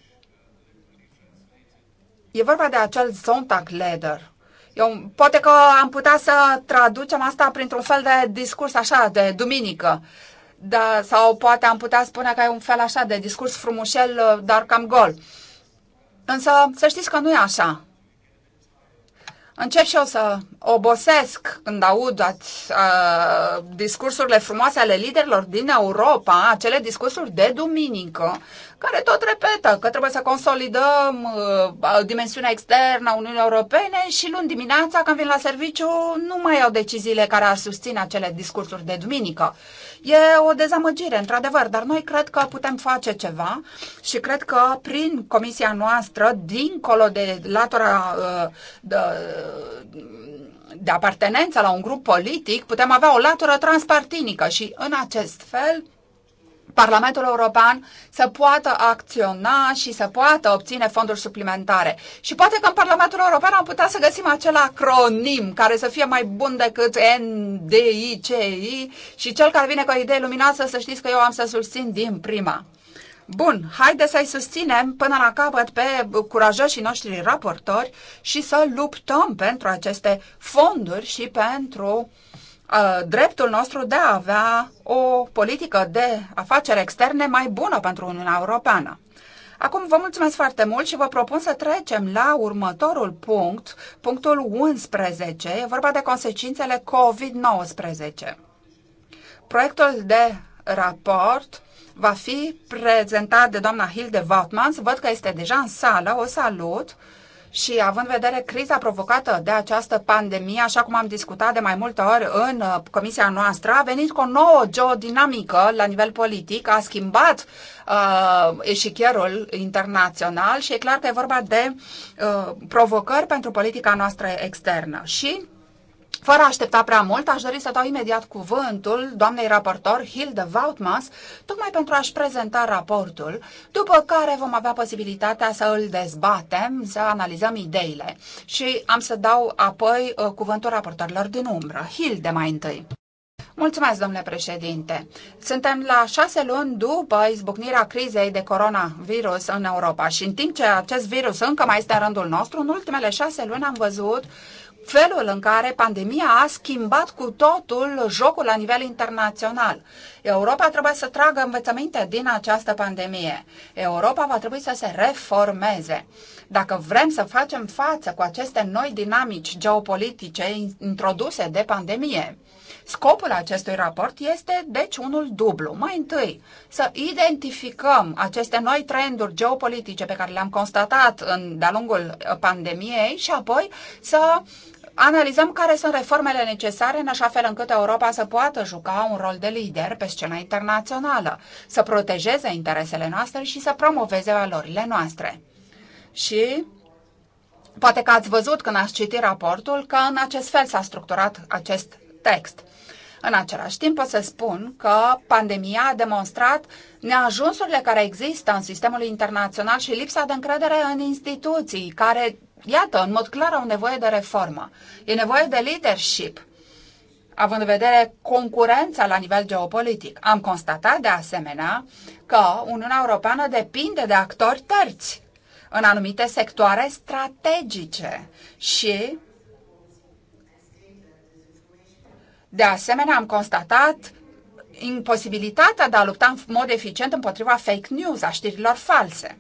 e vorba de acel Sontag Leder. Eu, poate că am putea să traducem asta printr-un fel de discurs așa, de duminică. Da, sau poate am putea spune că e un fel așa de discurs frumușel, uh, dar cam gol. Însă să știți că nu e așa. Încep și eu să obosesc când aud uh, discursurile frumoase ale liderilor din Europa, acele discursuri de duminică, care tot repetă că trebuie să consolidăm uh, dimensiunea externă a Uniunii Europene și luni dimineața, când vin la serviciu, nu mai au deciziile care ar susține acele discursuri de duminică. E o dezamăgire, într-adevăr, dar noi cred că putem face ceva și cred că prin comisia noastră, dincolo de latura uh, de, de apartenență la un grup politic, putem avea o latură transpartinică și în acest fel Parlamentul European să poată acționa și să poată obține fonduri suplimentare. Și poate că în Parlamentul European am putea să găsim acel acronim care să fie mai bun decât NDICI și cel care vine cu o idee luminoasă să știți că eu am să susțin din prima. Bun, haide să-i susținem până la capăt pe curajoșii noștri raportori și să luptăm pentru aceste fonduri și pentru uh, Uh, dreptul nostru de a avea o politică de afaceri externe mai bună pentru Uniunea Europeană. Acum vă mulțumesc foarte mult și vă propun să trecem la următorul punct, punctul 11, e vorba de consecințele COVID-19. Proiectul de raport va fi prezentat de doamna Hilde Vautmans, văd că este deja în sală, o salut. Uh, și având vedere criza provocată de această pandemie, așa cum am discutat de mai multe ori în uh, comisia noastră, a venit cu o nouă geodinamică la nivel politic, a schimbat uh, eșichierul internațional și e clar că e vorba de uh, provocări pentru politica noastră externă. Și fără a aștepta prea mult, aș dori să dau imediat cuvântul doamnei raportor Hilde Vautmas, tocmai pentru a-și prezenta raportul, după care vom avea posibilitatea să îl dezbatem, să analizăm ideile și am să dau apoi uh, cuvântul raportorilor din umbră. Hilde mai întâi. Mulțumesc, domnule președinte. Suntem la șase luni după izbucnirea crizei de coronavirus în Europa și în timp ce acest virus încă mai este în rândul nostru, în ultimele șase luni am văzut felul în care pandemia a schimbat cu totul jocul la nivel internațional. Europa trebuie să tragă învățăminte din această pandemie. Europa va trebui să se reformeze. Dacă vrem să facem față cu aceste noi dinamici geopolitice introduse de pandemie, Scopul acestui raport este, deci, unul dublu. Mai întâi, să identificăm aceste noi trenduri geopolitice pe care le-am constatat în, de-a lungul uh, pandemiei și apoi să analizăm care sunt reformele necesare în așa fel încât Europa să poată juca un rol de lider pe scena internațională, să protejeze interesele noastre și să promoveze valorile noastre. Și poate că ați văzut când ați citit raportul că în acest fel s-a structurat acest text. În același timp, pot să spun că pandemia a demonstrat neajunsurile care există în sistemul internațional și lipsa de încredere în instituții, care, iată, în mod clar au nevoie de reformă. E nevoie de leadership, având în vedere concurența la nivel geopolitic. Am constatat, de asemenea, că Uniunea Europeană depinde de actori terți în anumite sectoare strategice și De asemenea, am constatat imposibilitatea de a lupta în mod eficient împotriva fake news, a știrilor false.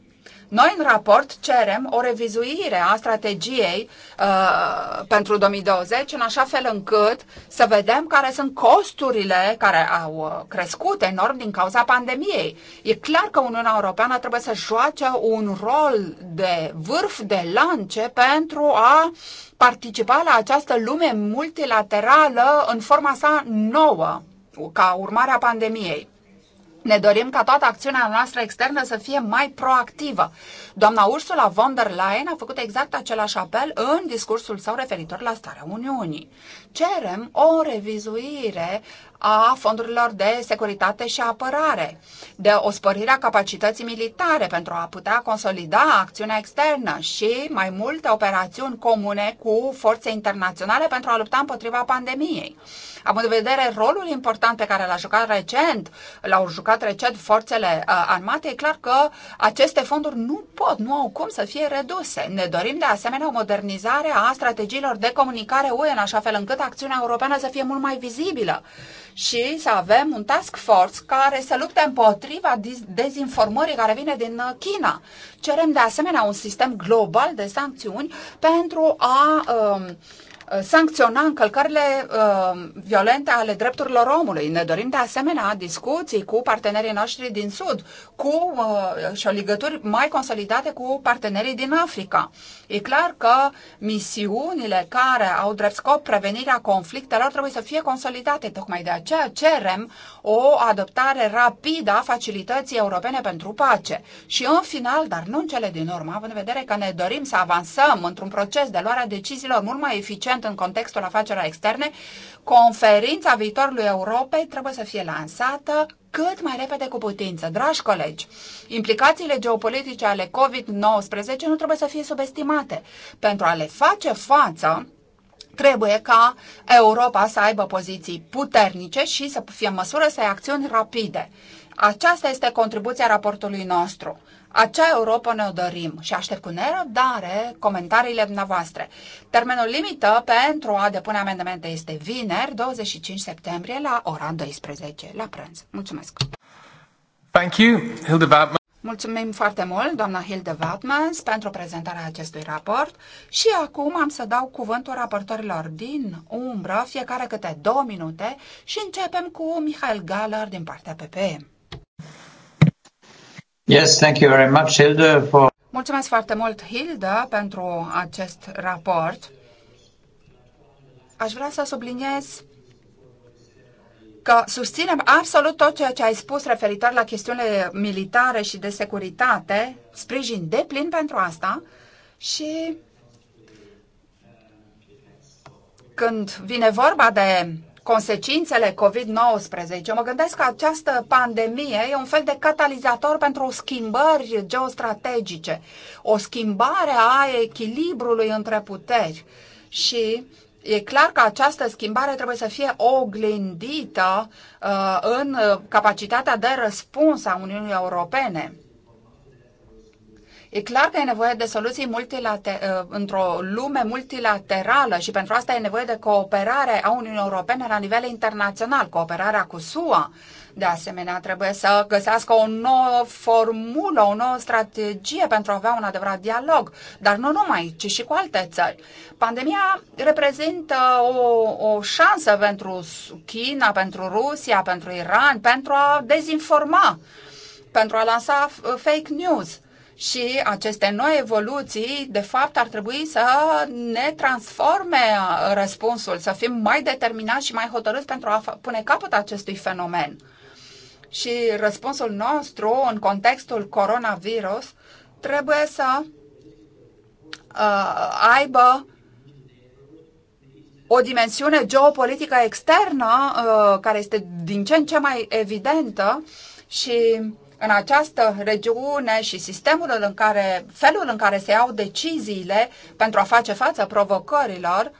Noi în raport cerem o revizuire a strategiei uh, pentru 2020 în așa fel încât să vedem care sunt costurile care au uh, crescut enorm din cauza pandemiei. E clar că Uniunea Europeană trebuie să joace un rol de vârf de lance pentru a participa la această lume multilaterală în forma sa nouă ca urmare a pandemiei. Ne dorim ca toată acțiunea noastră externă să fie mai proactivă. Doamna Ursula von der Leyen a făcut exact același apel în discursul său referitor la starea Uniunii. Cerem o revizuire a fondurilor de securitate și apărare, de o spărire a capacității militare pentru a putea consolida acțiunea externă și mai multe operațiuni comune cu forțe internaționale pentru a lupta împotriva pandemiei. Având în vedere rolul important pe care l-a jucat recent, l-au jucat recent forțele uh, armate, e clar că aceste fonduri nu pot, nu au cum să fie reduse. Ne dorim de asemenea o modernizare a strategiilor de comunicare UE în așa fel încât acțiunea europeană să fie mult mai vizibilă și să avem un task force care să lupte împotriva dezinformării care vine din uh, China. Cerem de asemenea un sistem global de sancțiuni pentru a uh, Uh, sancționa încălcările uh, violente ale drepturilor omului. Ne dorim de asemenea discuții cu partenerii noștri din Sud cu, uh, și o legături mai consolidate cu partenerii din Africa. E clar că misiunile care au drept scop prevenirea conflictelor trebuie să fie consolidate. Tocmai de aceea cerem o adoptare rapidă a facilității europene pentru pace. Și în final, dar nu în cele din urmă, având în vedere că ne dorim să avansăm într-un proces de luare a deciziilor mult mai eficient important în contextul afacerilor externe, conferința viitorului Europei trebuie să fie lansată cât mai repede cu putință. Dragi colegi, implicațiile geopolitice ale COVID-19 nu trebuie să fie subestimate. Pentru a le face față, trebuie ca Europa să aibă poziții puternice și să fie în măsură să ia acțiuni rapide. Aceasta este contribuția raportului nostru. Acea Europa ne-o dorim și aștept cu nerăbdare comentariile dumneavoastră. Termenul limită pentru a depune amendamente este vineri, 25 septembrie, la ora 12, la prânz. Mulțumesc! Thank you, Hilde Mulțumim foarte mult, doamna Hilde Vatmans, pentru prezentarea acestui raport și acum am să dau cuvântul raportorilor din umbră, fiecare câte două minute și începem cu Mihail Galar din partea PPM. Yes, thank you very much, Hilde, for... Mulțumesc foarte mult, Hilda, pentru acest raport. Aș vrea să subliniez că susținem absolut tot ceea ce ai spus referitor la chestiunile militare și de securitate, sprijin de plin pentru asta și când vine vorba de consecințele COVID-19. Mă gândesc că această pandemie e un fel de catalizator pentru o schimbări geostrategice, o schimbare a echilibrului între puteri. Și e clar că această schimbare trebuie să fie oglindită uh, în capacitatea de răspuns a Uniunii Europene. E clar că e nevoie de soluții uh, într-o lume multilaterală și pentru asta e nevoie de cooperare a Uniunii Europene la nivel internațional, cooperarea cu SUA. De asemenea, trebuie să găsească o nouă formulă, o nouă strategie pentru a avea un adevărat dialog, dar nu numai, ci și cu alte țări. Pandemia reprezintă o, o șansă pentru China, pentru Rusia, pentru Iran, pentru a dezinforma, pentru a lansa fake news și aceste noi evoluții, de fapt, ar trebui să ne transforme uh, răspunsul, să fim mai determinați și mai hotărâți pentru a pune capăt acestui fenomen. Și răspunsul nostru în contextul coronavirus trebuie să uh, aibă o dimensiune geopolitică externă uh, care este din ce în ce mai evidentă și uh, în această regiune și sistemul în care, felul în care se iau deciziile pentru a face față provocărilor,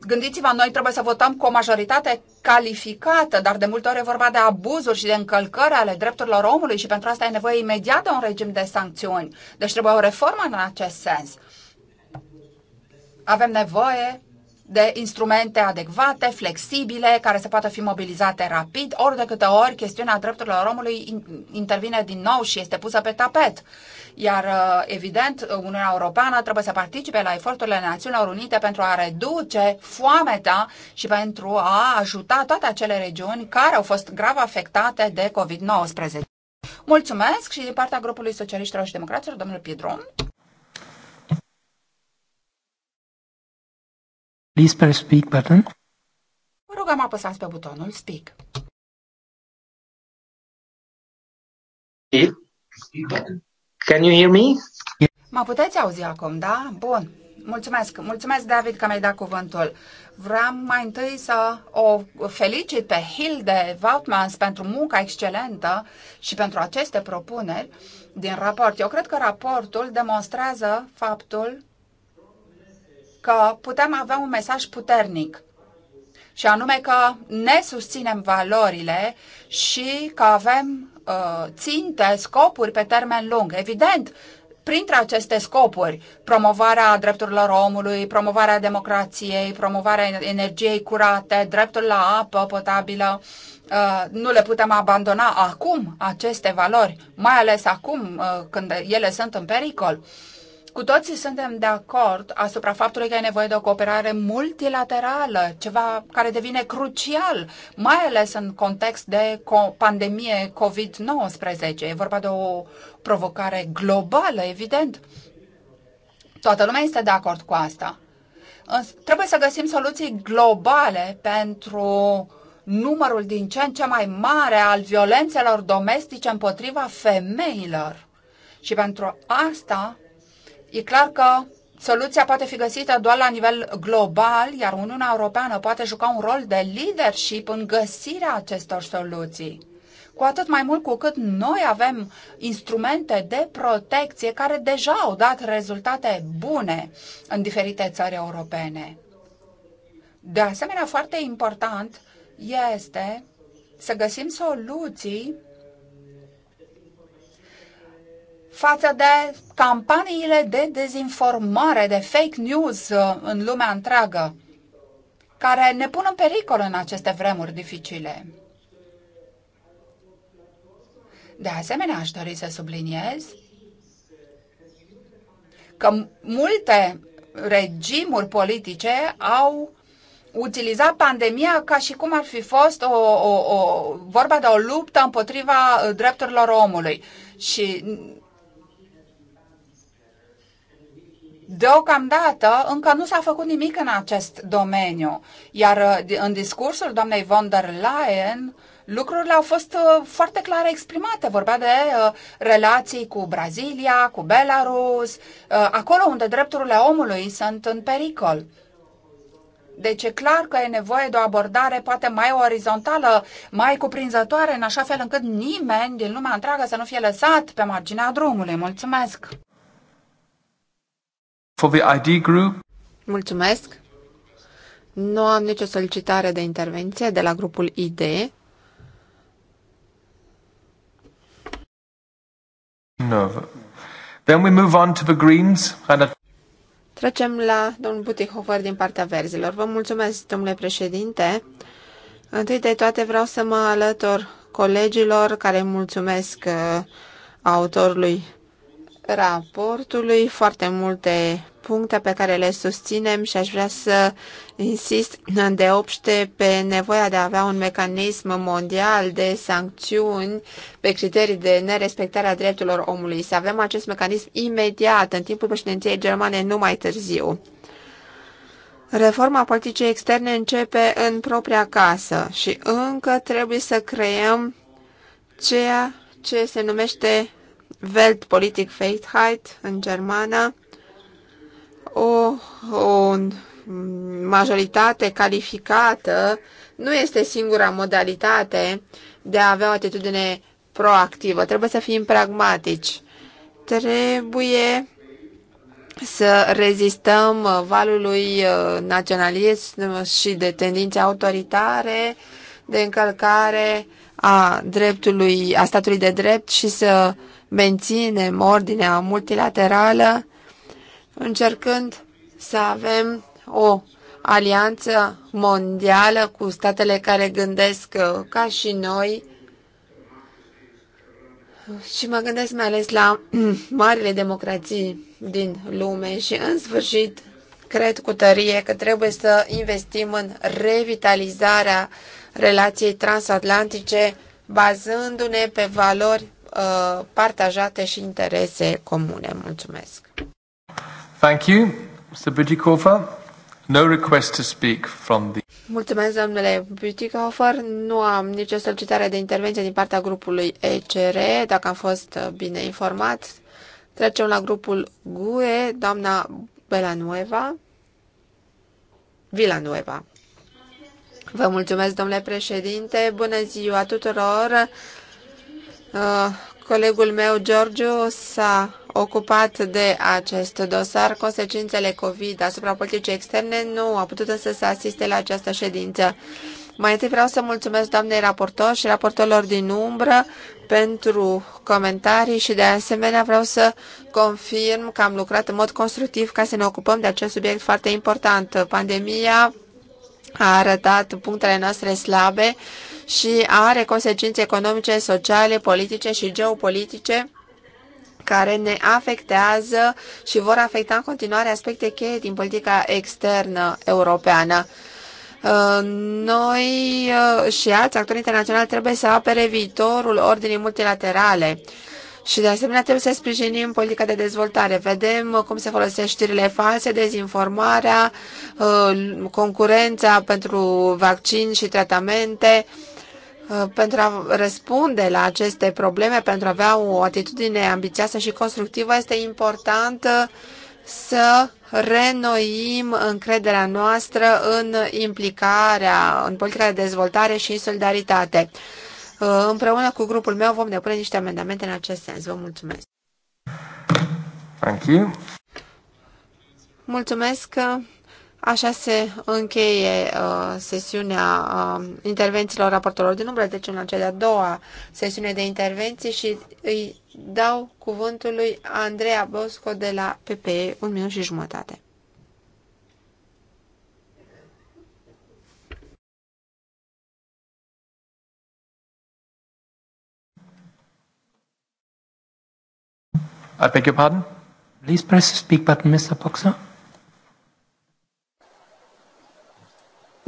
gândiți-vă, noi trebuie să votăm cu o majoritate calificată, dar de multe ori e vorba de abuzuri și de încălcări ale drepturilor omului și pentru asta e nevoie imediat de un regim de sancțiuni. Deci trebuie o reformă în acest sens. Avem nevoie de instrumente adecvate, flexibile, care se poată fi mobilizate rapid, ori de câte ori chestiunea drepturilor omului intervine din nou și este pusă pe tapet. Iar, uh, evident, Uniunea Europeană trebuie să participe la eforturile Națiunilor Unite pentru a reduce foamea și pentru a ajuta toate acele regiuni care au fost grav afectate de COVID-19. Mulțumesc și din partea grupului socialiștilor și democraților, domnul Piedron. Please press speak button. Vă rugăm apăsați pe butonul speak. Can you hear me? Mă puteți auzi acum, da? Bun. Mulțumesc. Mulțumesc, David, că mi-ai dat cuvântul. Vreau mai întâi să o felicit pe Hilde Vautmans pentru munca excelentă și pentru aceste propuneri din raport. Eu cred că raportul demonstrează faptul că putem avea un mesaj puternic și anume că ne susținem valorile și că avem uh, ținte, scopuri pe termen lung. Evident, printre aceste scopuri, promovarea drepturilor omului, promovarea democrației, promovarea energiei curate, dreptul la apă potabilă, uh, nu le putem abandona acum aceste valori, mai ales acum uh, când ele sunt în pericol. Cu toții suntem de acord asupra faptului că e nevoie de o cooperare multilaterală, ceva care devine crucial, mai ales în context de pandemie COVID-19. E vorba de o provocare globală, evident. Toată lumea este de acord cu asta. Trebuie să găsim soluții globale pentru numărul din ce în ce mai mare al violențelor domestice împotriva femeilor. Și pentru asta e clar că soluția poate fi găsită doar la nivel global, iar Uniunea Europeană poate juca un rol de leadership în găsirea acestor soluții cu atât mai mult cu cât noi avem instrumente de protecție care deja au dat rezultate bune în diferite țări europene. De asemenea, foarte important este să găsim soluții față de campaniile de dezinformare, de fake news uh, în lumea întreagă, care ne pun în pericol în aceste vremuri dificile. De asemenea, aș dori să subliniez că multe regimuri politice au utiliza pandemia ca și cum ar fi fost o, o, o vorba de o luptă împotriva uh, drepturilor omului. Și Deocamdată încă nu s-a făcut nimic în acest domeniu, iar uh, în discursul doamnei von der Leyen lucrurile au fost uh, foarte clar exprimate. Vorbea de uh, relații cu Brazilia, cu Belarus, acolo unde drepturile omului sunt în pericol. Deci e clar că e nevoie de o abordare poate mai orizontală, mai cuprinzătoare, în așa fel încât nimeni din lumea întreagă să nu fie lăsat pe marginea drumului. Mulțumesc! For the ID group. Mulțumesc. Nu am nicio solicitare de intervenție de la grupul ID. No. Then we move on to the Greens. And Trecem la domnul Butihofer din partea verzilor. Vă mulțumesc, domnule președinte. Întâi de toate vreau să mă alătur colegilor care mulțumesc uh, autorului raportului. Foarte multe puncte pe care le susținem și aș vrea să insist îndeopște pe nevoia de a avea un mecanism mondial de sancțiuni pe criterii de nerespectare a drepturilor omului. Să avem acest mecanism imediat, în timpul președinției germane, nu mai târziu. Reforma politicii externe începe în propria casă și încă trebuie să creăm ceea ce se numește Weltpolitik Fähigkeit în germană, o, o majoritate calificată nu este singura modalitate de a avea o atitudine proactivă. Trebuie să fim pragmatici. Trebuie să rezistăm valului uh, naționalism și de tendințe autoritare, de încălcare a dreptului, a statului de drept și să menținem ordinea multilaterală încercând să avem o alianță mondială cu statele care gândesc uh, ca și noi și mă gândesc mai ales la <clears throat> marile democrații din lume și în sfârșit cred cu tărie că trebuie să investim în revitalizarea relației transatlantice bazându-ne pe valori uh, partajate și interese comune. Mulțumesc! Thank you, Mr. Bridgikofer. No request to speak from the... Mulțumesc, domnule Butikofer. Nu am nicio solicitare de intervenție din partea grupului ECR, dacă am fost uh, bine informat. Trecem la grupul GUE, doamna Belanueva. Villanueva. Vă mulțumesc, domnule președinte. Bună ziua tuturor. Uh, colegul meu, Giorgio, s-a ocupat de acest dosar, consecințele COVID asupra politicii externe, nu a putut să se asiste la această ședință. Mai întâi vreau să mulțumesc doamnei raportor și raportorilor din umbră pentru comentarii și de asemenea vreau să confirm că am lucrat în mod constructiv ca să ne ocupăm de acest subiect foarte important. Pandemia a arătat punctele noastre slabe și are consecințe economice, sociale, politice și geopolitice care ne afectează și vor afecta în continuare aspecte cheie din politica externă europeană. Uh, noi uh, și alți actori internaționali trebuie să apere viitorul ordinii multilaterale. Și de asemenea trebuie să sprijinim politica de dezvoltare. Vedem cum se folosesc știrile false, dezinformarea, uh, concurența pentru vaccin și tratamente, Uh, pentru a răspunde la aceste probleme, pentru a avea o atitudine ambițioasă și constructivă, este important să renoim încrederea noastră în implicarea, în politica de dezvoltare și în solidaritate. Uh, împreună cu grupul meu vom depune niște amendamente în acest sens. Vă mulțumesc. Thank you. Mulțumesc. Așa se încheie uh, sesiunea uh, intervențiilor raportorilor din umbră, deci în cea de-a doua sesiune de intervenții și îi dau cuvântul lui Andreea Bosco de la PPE, un minut și jumătate. I beg your pardon? Please press the speak button, Mr. Boxer.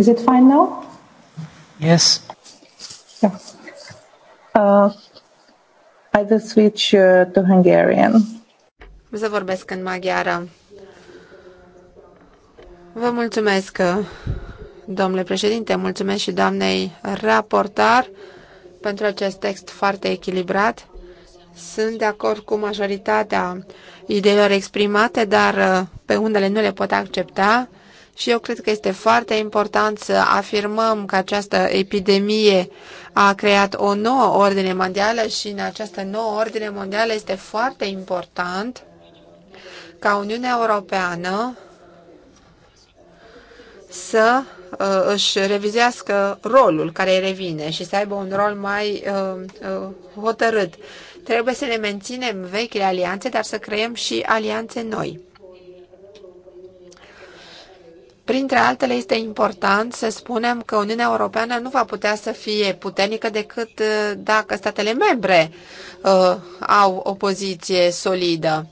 Is it fine now? Yes. Yeah. Uh, I will switch uh, to Hungarian. să vorbesc în maghiară. Vă mulțumesc, uh, domnule președinte, mulțumesc și doamnei raportar pentru acest text foarte echilibrat. Sunt de acord cu majoritatea ideilor exprimate, dar uh, pe unele nu le pot accepta și eu cred că este foarte important să afirmăm că această epidemie a creat o nouă ordine mondială și în această nouă ordine mondială este foarte important ca Uniunea Europeană să uh, își revizească rolul care îi revine și să aibă un rol mai uh, uh, hotărât. Trebuie să ne menținem vechile alianțe, dar să creăm și alianțe noi. Printre altele, este important să spunem că Uniunea Europeană nu va putea să fie puternică decât uh, dacă statele membre uh, au o poziție solidă.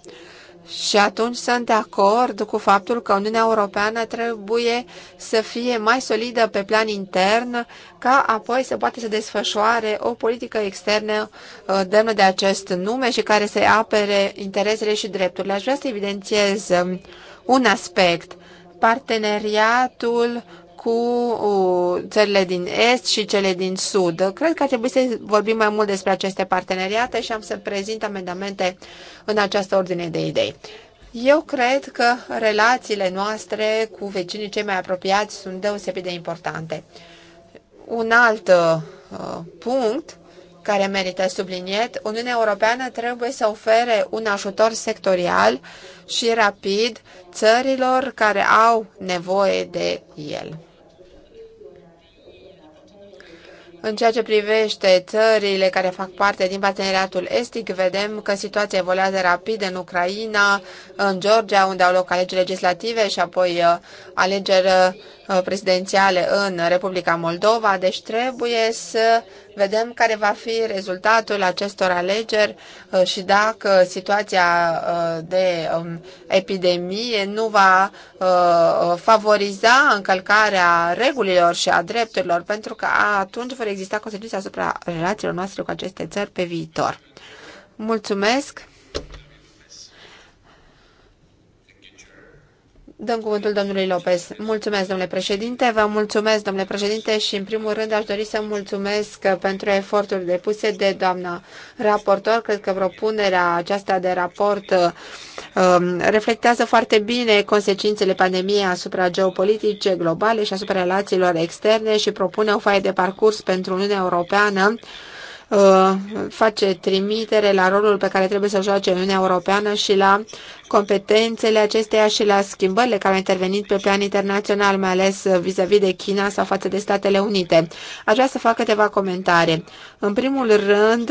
Și atunci sunt de acord cu faptul că Uniunea Europeană trebuie să fie mai solidă pe plan intern, ca apoi să poată să desfășoare o politică externă uh, demnă de acest nume și care să apere interesele și drepturile. Aș vrea să evidențiez um, un aspect – parteneriatul cu țările din Est și cele din Sud. Cred că ar trebui să vorbim mai mult despre aceste parteneriate și am să prezint amendamente în această ordine de idei. Eu cred că relațiile noastre cu vecinii cei mai apropiați sunt deosebit de importante. Un alt uh, punct care merită subliniat, Uniunea Europeană trebuie să ofere un ajutor sectorial și rapid țărilor care au nevoie de el. În ceea ce privește țările care fac parte din parteneriatul estic, vedem că situația evoluează rapid în Ucraina, în Georgia, unde au loc alegeri legislative și apoi uh, alegeri uh, prezidențiale în Republica Moldova, deci trebuie să Vedem care va fi rezultatul acestor alegeri uh, și dacă situația uh, de um, epidemie nu va uh, favoriza încălcarea regulilor și a drepturilor, pentru că atunci vor exista consecințe asupra relațiilor noastre cu aceste țări pe viitor. Mulțumesc! Dăm cuvântul domnului Lopez. Mulțumesc, domnule președinte. Vă mulțumesc, domnule președinte, și în primul rând aș dori să mulțumesc pentru eforturile depuse de doamna raportor. Cred că propunerea aceasta de raport um, reflectează foarte bine consecințele pandemiei asupra geopolitice globale și asupra relațiilor externe și propune o foaie de parcurs pentru Uniunea Europeană uh, Uh, face trimitere la rolul pe care trebuie să joace Uniunea Europeană și la competențele acesteia și la schimbările care au intervenit pe plan internațional, mai ales vis-a-vis -vis de China sau față de Statele Unite. Aș vrea să fac câteva comentarii. În primul rând,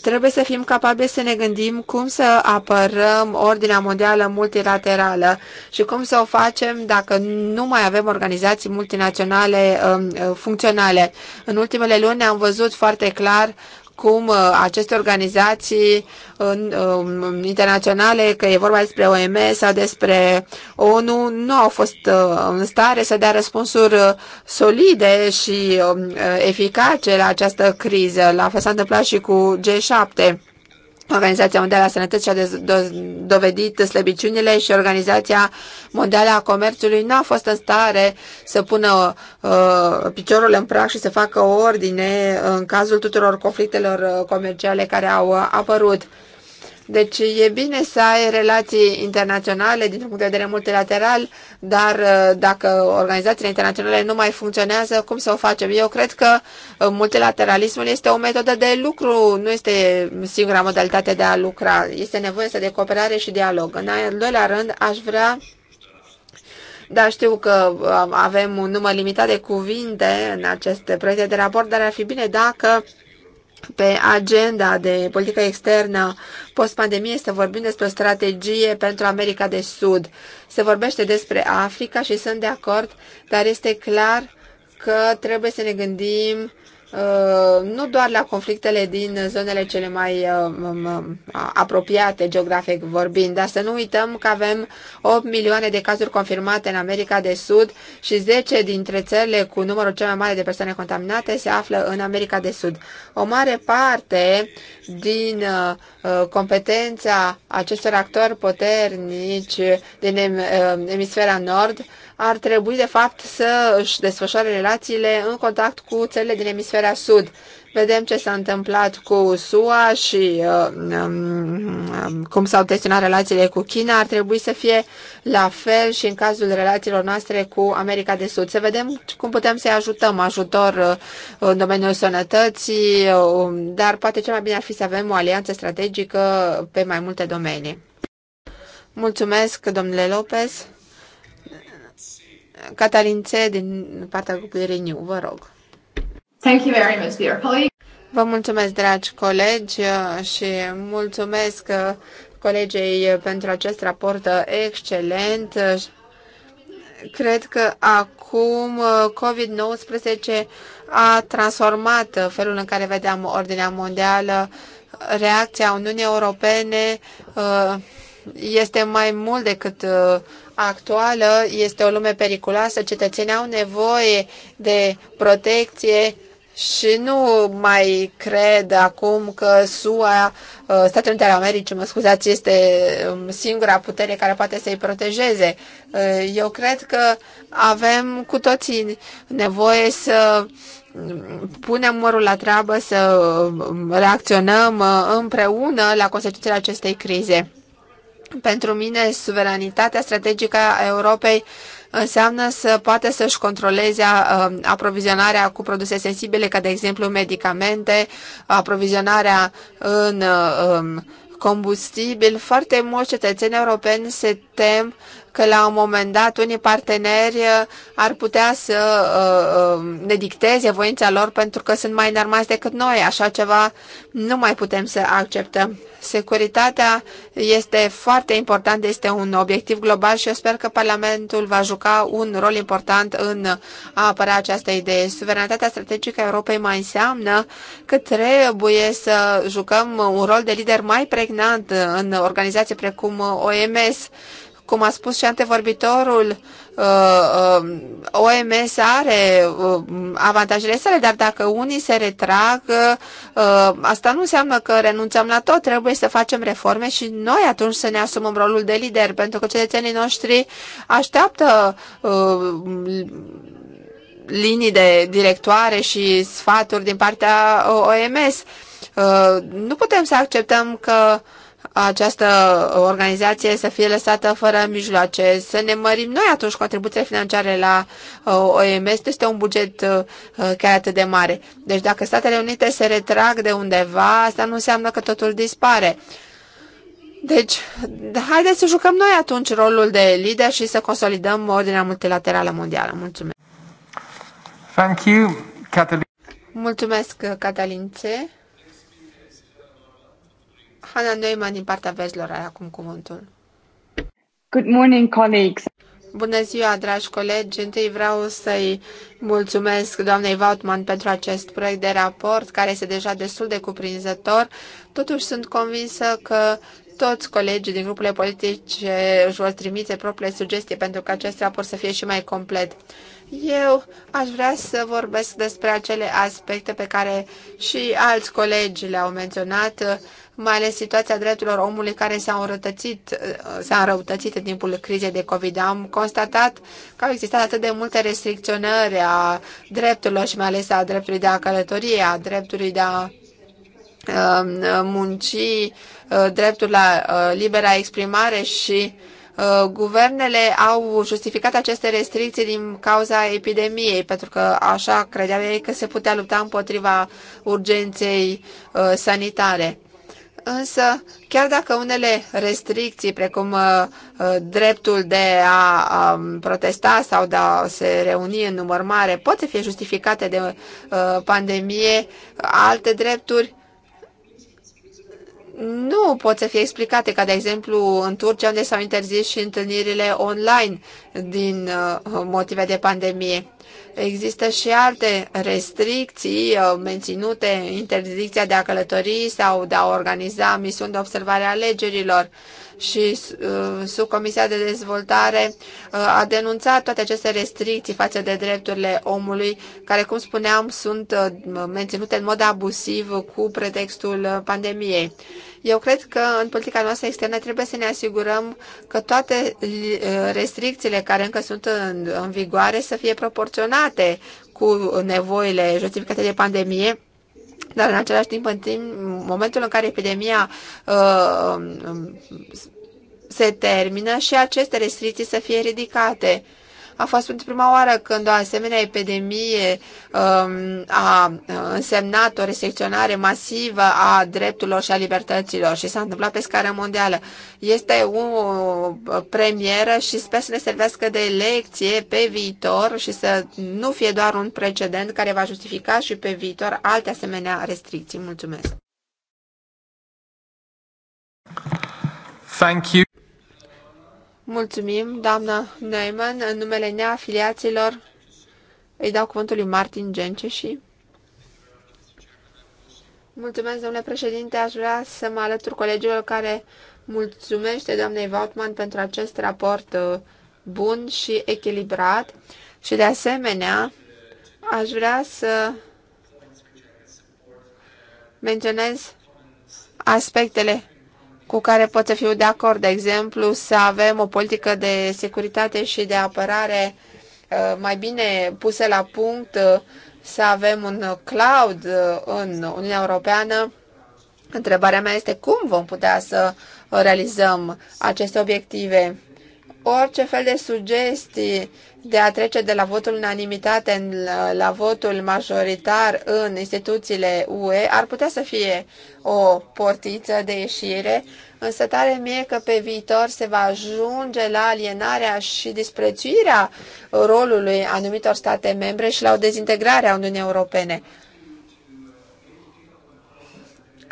Trebuie să fim capabili să ne gândim cum să apărăm ordinea mondială multilaterală și cum să o facem dacă nu mai avem organizații multinaționale um, uh, funcționale. În ultimele luni am văzut foarte clar cum uh, aceste organizații um, internaționale, că e vorba despre OMS sau despre ONU, nu au fost uh, în stare să dea răspunsuri uh, solide și um, eficace la această criză. La fel s-a întâmplat și cu G7. Organizația Mondială a Sănătății a dovedit slăbiciunile și Organizația Mondială a Comerțului nu a fost în stare să pună uh, piciorul în prag și să facă ordine în cazul tuturor conflictelor uh, comerciale care au uh, apărut. Deci e bine să ai relații internaționale dintr-un punct de vedere multilateral, dar uh, dacă organizațiile internaționale nu mai funcționează, cum să o facem? Eu cred că uh, multilateralismul este o metodă de lucru, nu este singura modalitate de a lucra. Este nevoie să de cooperare și dialog. În al doilea rând, aș vrea da, știu că uh, avem un număr limitat de cuvinte în aceste proiecte de raport, dar ar fi bine dacă pe agenda de politică externă post-pandemie să vorbim despre o strategie pentru America de Sud. Se vorbește despre Africa și sunt de acord, dar este clar că trebuie să ne gândim Uh, nu doar la conflictele din zonele cele mai uh, apropiate geografic vorbind, dar să nu uităm că avem 8 milioane de cazuri confirmate în America de Sud și 10 dintre țările cu numărul cel mai mare de persoane contaminate se află în America de Sud. O mare parte din uh, competența acestor actori puternici din emisfera nord ar trebui, de fapt, să își desfășoare relațiile în contact cu țările din emisfera sud. Vedem ce s-a întâmplat cu SUA și uh, um, um cum s-au tensionat relațiile cu China. Ar trebui să fie la fel și în cazul relațiilor noastre cu America de Sud. Să vedem cum putem să-i ajutăm, ajutor uh, în domeniul sănătății, uh, dar poate cel mai bine ar fi să avem o alianță strategică pe mai multe domenii. Mulțumesc, domnule Lopez. Catalin C. din partea grupului Renew, vă rog. Thank you very much, dear colleague. Vă mulțumesc, dragi colegi, uh, și mulțumesc uh, colegei uh, pentru acest raport excelent. Cred că acum COVID-19 a transformat felul în care vedeam ordinea mondială. Reacția Uniunii Europene este mai mult decât actuală este o lume periculoasă, cetățenii au nevoie de protecție și nu mai cred acum că SUA, uh, Statele Unite ale Americii, mă scuzați, este um, singura putere care poate să-i protejeze. Uh, eu cred că avem cu toții nevoie să um, punem mărul la treabă, să um, reacționăm uh, împreună la consecințele acestei crize. Pentru mine, suveranitatea strategică a Europei înseamnă să poată să-și controleze uh, aprovizionarea cu produse sensibile, ca de exemplu medicamente, aprovizionarea în uh, um, combustibil. Foarte mulți cetățeni europeni se tem că la un moment dat unii parteneri uh, ar putea să uh, uh, ne dicteze voința lor pentru că sunt mai înarmați decât noi. Așa ceva nu mai putem să acceptăm. Securitatea este foarte importantă, este un obiectiv global și eu sper că Parlamentul va juca un rol important în a apăra această idee. Suveranitatea strategică a Europei mai înseamnă că trebuie să jucăm un rol de lider mai pregnant în organizații precum OMS cum a spus și antevorbitorul, uh, uh, OMS are uh, avantajele sale, dar dacă unii se retrag, asta nu înseamnă că renunțăm la tot, trebuie să facem reforme și noi atunci să ne asumăm rolul de lider, pentru că cetățenii noștri așteaptă linii de directoare și sfaturi din partea OMS. Nu putem să acceptăm că uh, această organizație să fie lăsată fără mijloace, să ne mărim noi atunci contribuția financiare la uh, OMS, este un buget uh, chiar atât de mare. Deci dacă Statele Unite se retrag de undeva, asta nu înseamnă că totul dispare. Deci, haideți să jucăm noi atunci rolul de lider și să consolidăm ordinea multilaterală mondială. Mulțumesc! Thank you, Catalin. Mulțumesc, Catalințe. Hanna Neumann din partea verzilor are acum cuvântul. Good morning, colleagues. Bună ziua, dragi colegi! Întâi vreau să-i mulțumesc doamnei Vautman pentru acest proiect de raport, care este deja destul de cuprinzător. Totuși sunt convinsă că toți colegii din grupurile politice își vor trimite propriile sugestii pentru că acest raport să fie și mai complet. Eu aș vrea să vorbesc despre acele aspecte pe care și alți colegi le-au menționat, mai ales situația drepturilor omului care s-a înrăutățit, uh, s-a înrăutățit în timpul crizei de COVID. Am constatat că au existat atât de multe restricționări a drepturilor și mai ales a dreptului de a călătorie, a dreptului de a um, munci, uh, dreptul la uh, libera exprimare și guvernele au justificat aceste restricții din cauza epidemiei, pentru că așa credeau ei că se putea lupta împotriva urgenței sanitare. Însă, chiar dacă unele restricții, precum uh, uh dreptul de a, um, protesta sau de a se reuni în număr mare, pot să fie justificate de uh, pandemie, alte drepturi nu pot să fie explicate, ca de exemplu în Turcia, unde s-au interzis și întâlnirile online din uh, motive de pandemie. Există și alte restricții uh, menținute, interdicția de a călători sau de a organiza misiuni de observare a alegerilor și uh, subcomisia de dezvoltare uh, a denunțat toate aceste restricții față de drepturile omului, care, cum spuneam, sunt menținute în mod abusiv cu pretextul pandemiei. Eu cred că în politica noastră externă trebuie să ne asigurăm că toate uh, restricțiile care încă sunt în, în vigoare să fie proporționate cu nevoile justificate de pandemie, dar în același timp, în timp, momentul în care epidemia uh, um, se termină și aceste restricții să fie ridicate. A fost pentru prima oară când o asemenea epidemie um, a uh, însemnat o restricționare masivă a drepturilor și a libertăților și s-a întâmplat pe scară mondială. Este o uh, premieră și sper să ne servească de lecție pe viitor și să nu fie doar un precedent care va justifica și pe viitor alte asemenea restricții. Mulțumesc! Thank you. Mulțumim, doamna Neumann. În numele neafiliaților îi dau cuvântul lui Martin Genceși. Mulțumesc, domnule președinte. Aș vrea să mă alătur colegilor care mulțumește doamnei Vautman pentru acest raport uh, bun și echilibrat. Și de asemenea, aș vrea să menționez aspectele cu care pot să fiu de acord, de exemplu, să avem o politică de securitate și de apărare uh, mai bine pusă la punct, uh, să avem un cloud uh, în Uniunea Europeană. Întrebarea mea este cum vom putea să realizăm aceste obiective orice fel de sugestii de a trece de la votul unanimitate în, la votul majoritar în instituțiile UE ar putea să fie o portiță de ieșire, însă tare mie că pe viitor se va ajunge la alienarea și disprețuirea rolului anumitor state membre și la o dezintegrare a Uniunii Europene.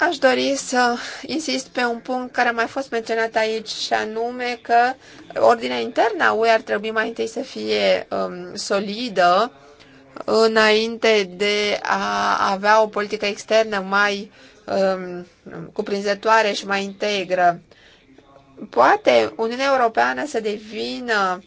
Aș dori să insist pe un punct care a mai fost menționat aici și anume că ordinea internă a UE ar trebui mai întâi să fie um, solidă înainte de a avea o politică externă mai um, cuprinzătoare și mai integră. Poate Uniunea Europeană să devină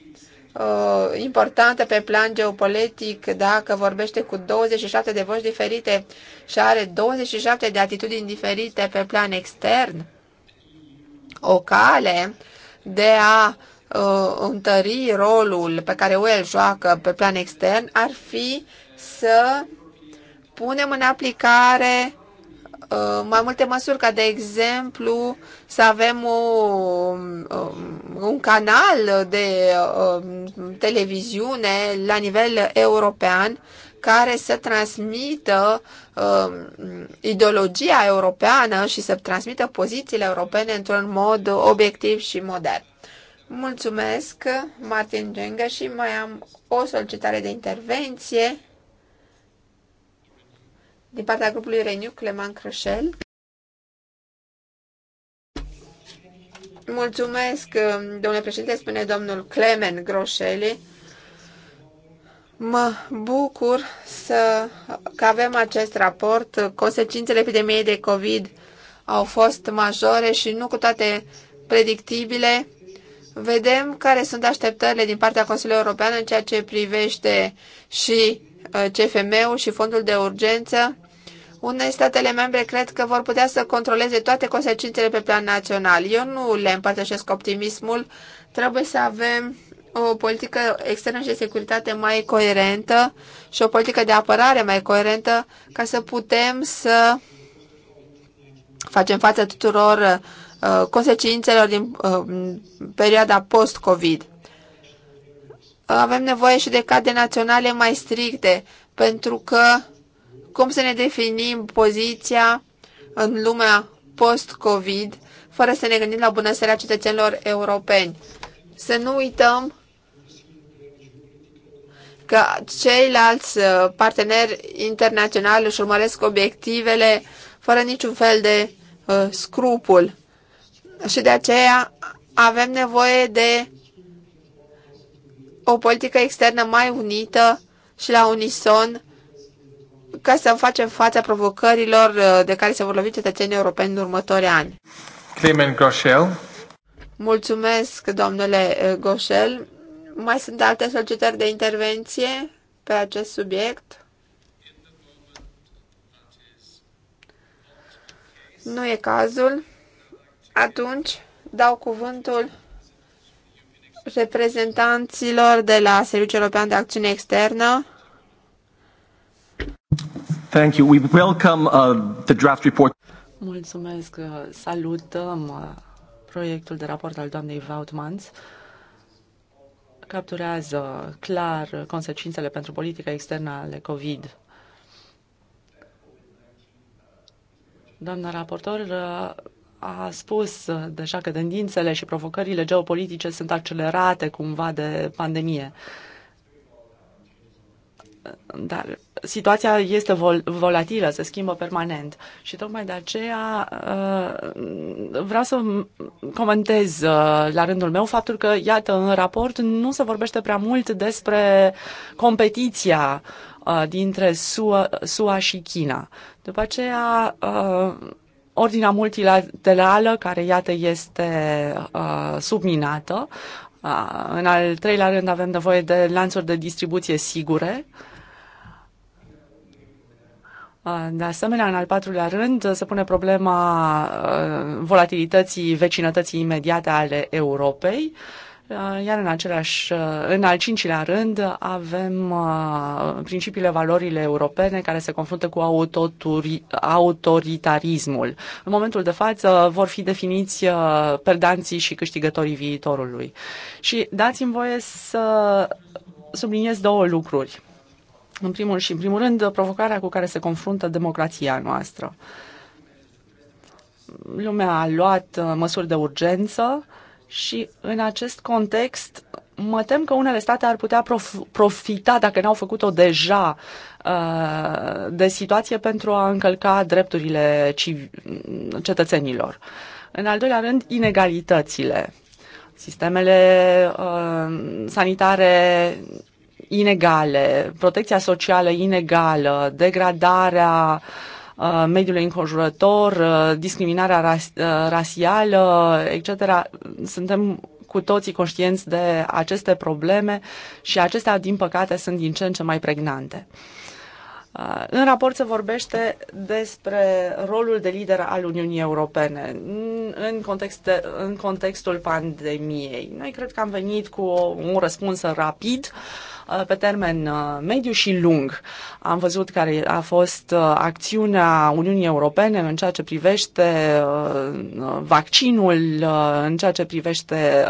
uh, importantă pe plan geopolitic dacă vorbește cu 27 de voci diferite și are 27 de atitudini diferite pe plan extern? O cale de a uh, întări rolul pe care UE îl joacă pe plan extern ar fi să punem în aplicare Uh, mai multe măsuri, ca de exemplu să avem o, um, un canal de um, televiziune la nivel european care să transmită um, ideologia europeană și să transmită pozițiile europene într-un mod obiectiv și modern. Mulțumesc, Martin Gengă, și mai am o solicitare de intervenție din partea grupului Renew, Cleman Crășel. Mulțumesc, domnule președinte, spune domnul Clemen Groșeli. Mă bucur să, că avem acest raport. Consecințele epidemiei de COVID au fost majore și nu cu toate predictibile. Vedem care sunt așteptările din partea Consiliului European în ceea ce privește și uh, CFM-ul și fondul de urgență. Unele statele membre cred că vor putea să controleze toate consecințele pe plan național. Eu nu le împărtășesc optimismul. Trebuie să avem o politică externă și de securitate mai coerentă și o politică de apărare mai coerentă ca să putem să facem față tuturor uh, consecințelor din uh, perioada post-COVID. Avem nevoie și de cadre naționale mai stricte pentru că cum să ne definim poziția în lumea post-COVID, fără să ne gândim la bunăstarea cetățenilor europeni. Să nu uităm că ceilalți uh, parteneri internaționali își urmăresc obiectivele fără niciun fel de uh, scrupul. Și de aceea avem nevoie de o politică externă mai unită și la unison ca să facem fața provocărilor uh, de care se vor lovi cetățenii europeni în următorii ani. Clement Groschel. Mulțumesc, domnule uh, Groschel. Mai sunt alte solicitări de intervenție pe acest subiect? Nu e cazul. Atunci dau cuvântul reprezentanților de la Serviciul European de Acțiune Externă Thank you. We welcome uh, the draft report. Mulțumesc. Uh, salutăm uh, proiectul de raport al doamnei Vautmans capturează clar consecințele pentru politica externă ale COVID. Doamna raportor uh, a spus deja că tendințele și provocările geopolitice sunt accelerate cumva de pandemie dar situația este vol- volatilă, se schimbă permanent și tocmai de aceea uh, vreau să comentez uh, la rândul meu faptul că, iată, în raport nu se vorbește prea mult despre competiția uh, dintre SUA, SUA și China. După aceea, ordinea multilaterală, care, iată, este subminată, în al treilea rând avem nevoie de lanțuri de distribuție sigure, uh, de asemenea, în al patrulea rând, se pune problema uh, volatilității vecinătății imediate ale Europei. Iar în, același, uh, în al cincilea rând avem uh, principiile, valorile europene care se confruntă cu autoritarismul. În momentul de față vor fi definiți perdanții și câștigătorii viitorului. Și dați-mi voie să subliniez două lucruri în primul și în primul rând, provocarea cu care se confruntă democrația noastră. Lumea a luat uh, măsuri de urgență și în acest context mă tem că unele state ar putea prof- profita, dacă n-au făcut-o deja, uh, de situație pentru a încălca drepturile cetățenilor. În al doilea rând, inegalitățile. Sistemele uh, sanitare inegale, protecția socială inegală, degradarea uh, mediului înconjurător, uh, discriminarea ras, uh, rasială, etc. Suntem cu toții conștienți de aceste probleme și acestea, din păcate, sunt din ce în ce mai pregnante. În raport se vorbește despre rolul de lider al Uniunii Europene în, context în contextul pandemiei. Noi cred că am venit cu un răspuns rapid uh, Uh, pe termen uh, mediu și lung. Am văzut care a fost uh, acțiunea Uniunii Europene în ceea ce privește vaccinul, în ceea ce privește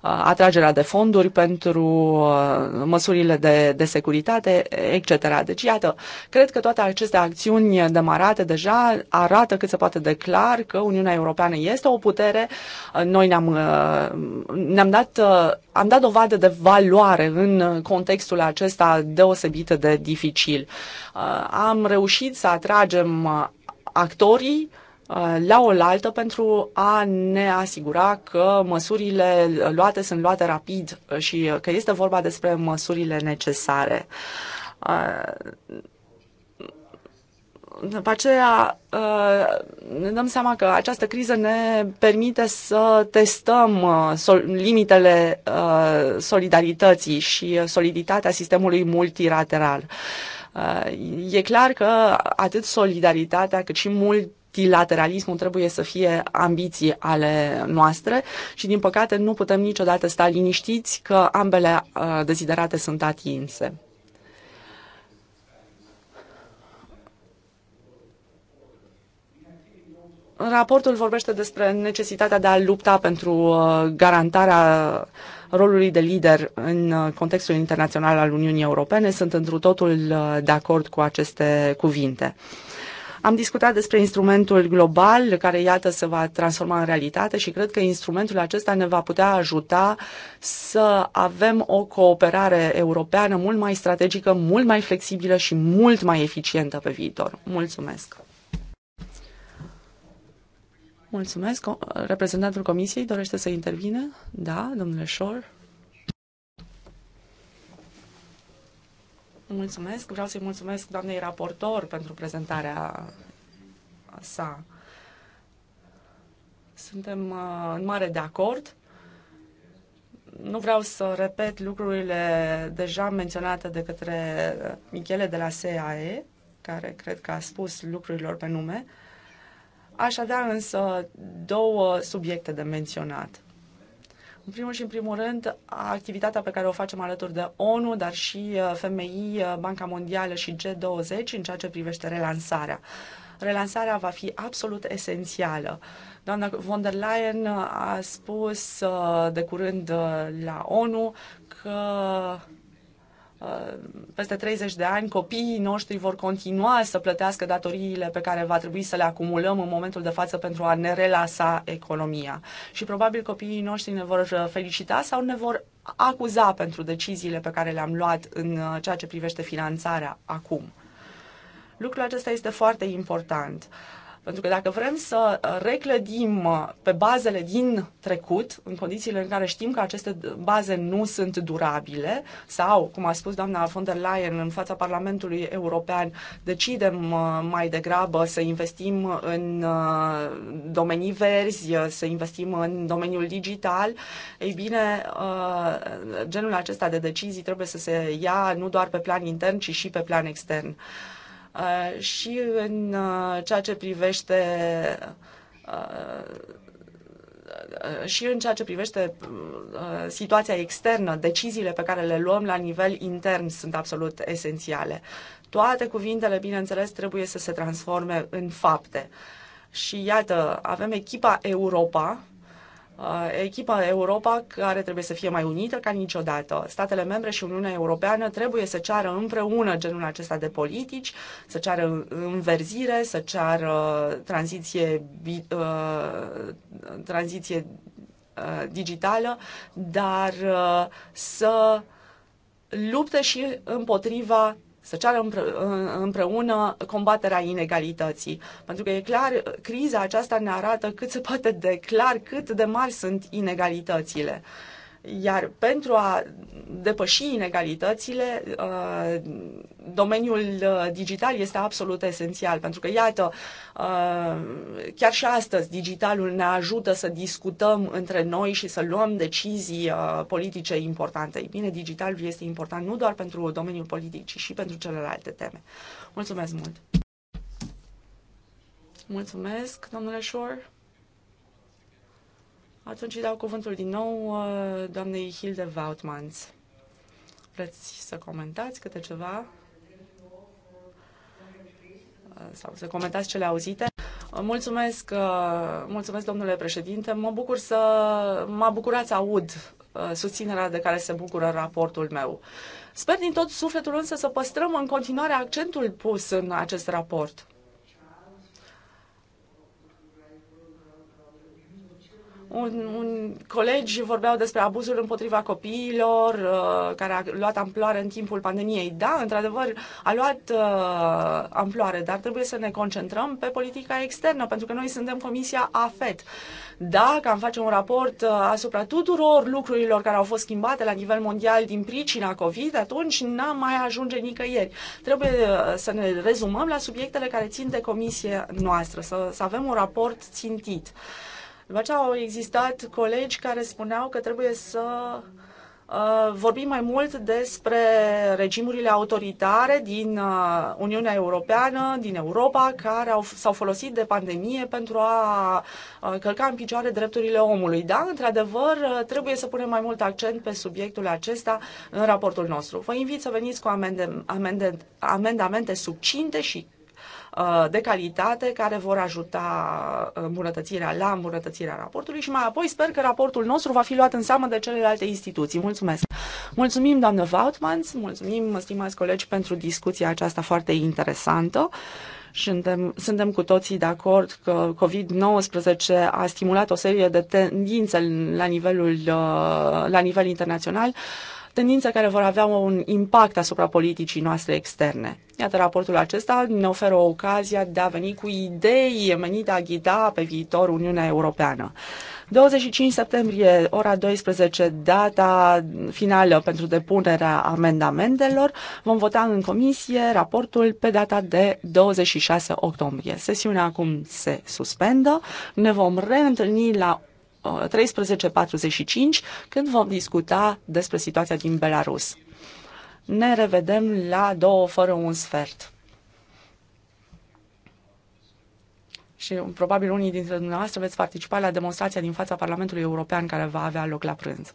atragerea de fonduri pentru măsurile de, de securitate, etc. Deci, iată, cred că toate aceste acțiuni demarate deja arată cât se poate declar că Uniunea Europeană este o putere. Noi ne-am, ne-am dat, am dat dovadă de valoare în contextul acesta deosebit de dificil. Uh, am reușit să atragem uh, actorii uh, la oaltă pentru a ne asigura că măsurile luate sunt luate rapid și că este vorba despre măsurile necesare după aceea uh, ne dăm seama că această criză ne permite să testăm uh, limitele uh, solidarității și soliditatea sistemului multilateral. E clar că atât solidaritatea cât și mult multilateralismul trebuie să fie ambiții ale noastre și, din păcate, nu putem niciodată sta liniștiți că ambele deziderate sunt atinse. Raportul vorbește despre necesitatea de a lupta pentru uh, garantarea rolului de lider în uh, contextul internațional al Uniunii Europene. Sunt întru totul uh, de acord cu aceste cuvinte. Am discutat despre instrumentul global, care, iată, se va transforma în realitate și cred că instrumentul acesta ne va putea ajuta să avem o cooperare europeană mult mai strategică, mult mai flexibilă și mult mai eficientă pe viitor. Mulțumesc! Mulțumesc. Reprezentantul Comisiei dorește să intervine? Da, domnule Șor. Mulțumesc. Vreau să-i mulțumesc doamnei raportor pentru prezentarea sa. Suntem uh, în mare de acord. Nu vreau să repet lucrurile deja menționate de către uh, Michele de la SAE, care cred că a spus lucrurilor pe nume. Uh, Aș avea însă două subiecte de menționat. În primul și în primul rând, activitatea pe care o facem alături de ONU, dar și uh, FMI, uh, Banca Mondială și G20 în ceea ce privește relansarea. Relansarea va fi absolut esențială. Doamna von der Leyen uh, a spus de curând la ONU că Uh, peste 30 de ani copiii noștri vor continua să plătească datoriile pe care va trebui să le acumulăm în momentul de față pentru a ne relasa economia. Și probabil copiii noștri ne vor uh, felicita sau ne vor acuza pentru deciziile pe care le-am luat în uh, ceea ce privește finanțarea acum. Lucrul acesta este foarte important. Uh, pentru că dacă vrem să uh, reclădim uh, pe bazele din trecut, în condițiile în care știm că aceste baze nu sunt durabile, sau, cum a spus doamna von der Leyen în fața Parlamentului European, decidem uh, mai degrabă să investim în domenii verzi, să investim în domeniul digital, ei bine, genul acesta de decizii trebuie să se ia nu doar pe plan intern, ci și pe plan extern. Uh, uh, uh, și în ceea ce privește și în ceea ce privește situația externă, deciziile pe care le luăm la nivel intern sunt absolut esențiale. Toate cuvintele, bineînțeles, trebuie să se transforme în fapte. Și iată, avem echipa Europa, Uh, echipa Europa care trebuie să fie mai unită ca niciodată. Statele membre și Uniunea Europeană trebuie să ceară împreună genul acesta de politici, să ceară înverzire, să ceară tranziție, uh, tranziție uh, digitală, dar să lupte și împotriva să ceară împreună combaterea inegalității. Pentru că e clar, criza aceasta ne arată cât se poate de clar cât de mari sunt inegalitățile. Uh, iar pentru a depăși inegalitățile, uh, domeniul uh, digital este absolut esențial, pentru că, iată, uh, chiar și astăzi, digitalul ne ajută să discutăm între noi și să luăm decizii politice importante. Ei bine, digitalul este important nu doar pentru domeniul politic, ci și pentru celelalte teme. Mulțumesc mult! Mulțumesc, domnule Shore! Atunci îi dau cuvântul din nou uh, doamnei Hilde Vautmans. Vreți să comentați câte ceva? Uh, sau să comentați cele auzite? Uh, mulțumesc, mulțumesc domnule președinte. Mă bucur să m-a bucurat să aud susținerea de care se bucură raportul meu. Sper din tot sufletul însă să păstrăm în continuare accentul pus în acest raport. Un, un colegi vorbeau despre abuzul împotriva copiilor, uh, care a luat amploare în timpul pandemiei. Da, într-adevăr, a luat uh, amploare, dar trebuie să ne concentrăm pe politica externă, pentru că noi suntem Comisia AFET. Dacă am face un raport uh, asupra tuturor lucrurilor care au fost schimbate la nivel mondial din pricina COVID, atunci n-am mai ajunge nicăieri. Trebuie uh, să ne rezumăm la subiectele care țin de Comisia noastră, să, să avem un raport țintit. Uh, după aceea au existat colegi care spuneau că trebuie să uh, vorbim mai mult despre regimurile autoritare din uh, Uniunea Europeană, din Europa, care au, s-au folosit de pandemie pentru a uh, călca în picioare drepturile omului. Da, într-adevăr, trebuie să punem mai mult accent pe subiectul acesta în raportul nostru. Vă invit să veniți cu amende, amende, amendamente succinte și Uh, de calitate care vor ajuta uh, îmbunătățirea la îmbunătățirea raportului și mai apoi sper că raportul nostru va fi luat în seamă de celelalte instituții. Mulțumesc! Mulțumim, doamnă Vautmans, mulțumim, stimați colegi, pentru discuția aceasta foarte interesantă. Suntem, suntem cu toții de acord că COVID-19 a stimulat o serie de tendințe la, nivelul, uh, la nivel internațional tendințe care vor avea un impact asupra politicii noastre externe. Iată, raportul acesta ne oferă o ocazia de a veni cu idei menite a ghida pe viitor Uniunea Europeană. 25 septembrie, ora 12, data finală pentru depunerea amendamentelor. Vom vota în comisie raportul pe data de 26 octombrie. Sesiunea acum se suspendă. Ne vom reîntâlni la 13.45, când vom discuta despre situația din Belarus. Ne revedem la două fără un sfert. Și probabil unii dintre dumneavoastră veți participa la demonstrația din fața Parlamentului European care va avea loc la prânz.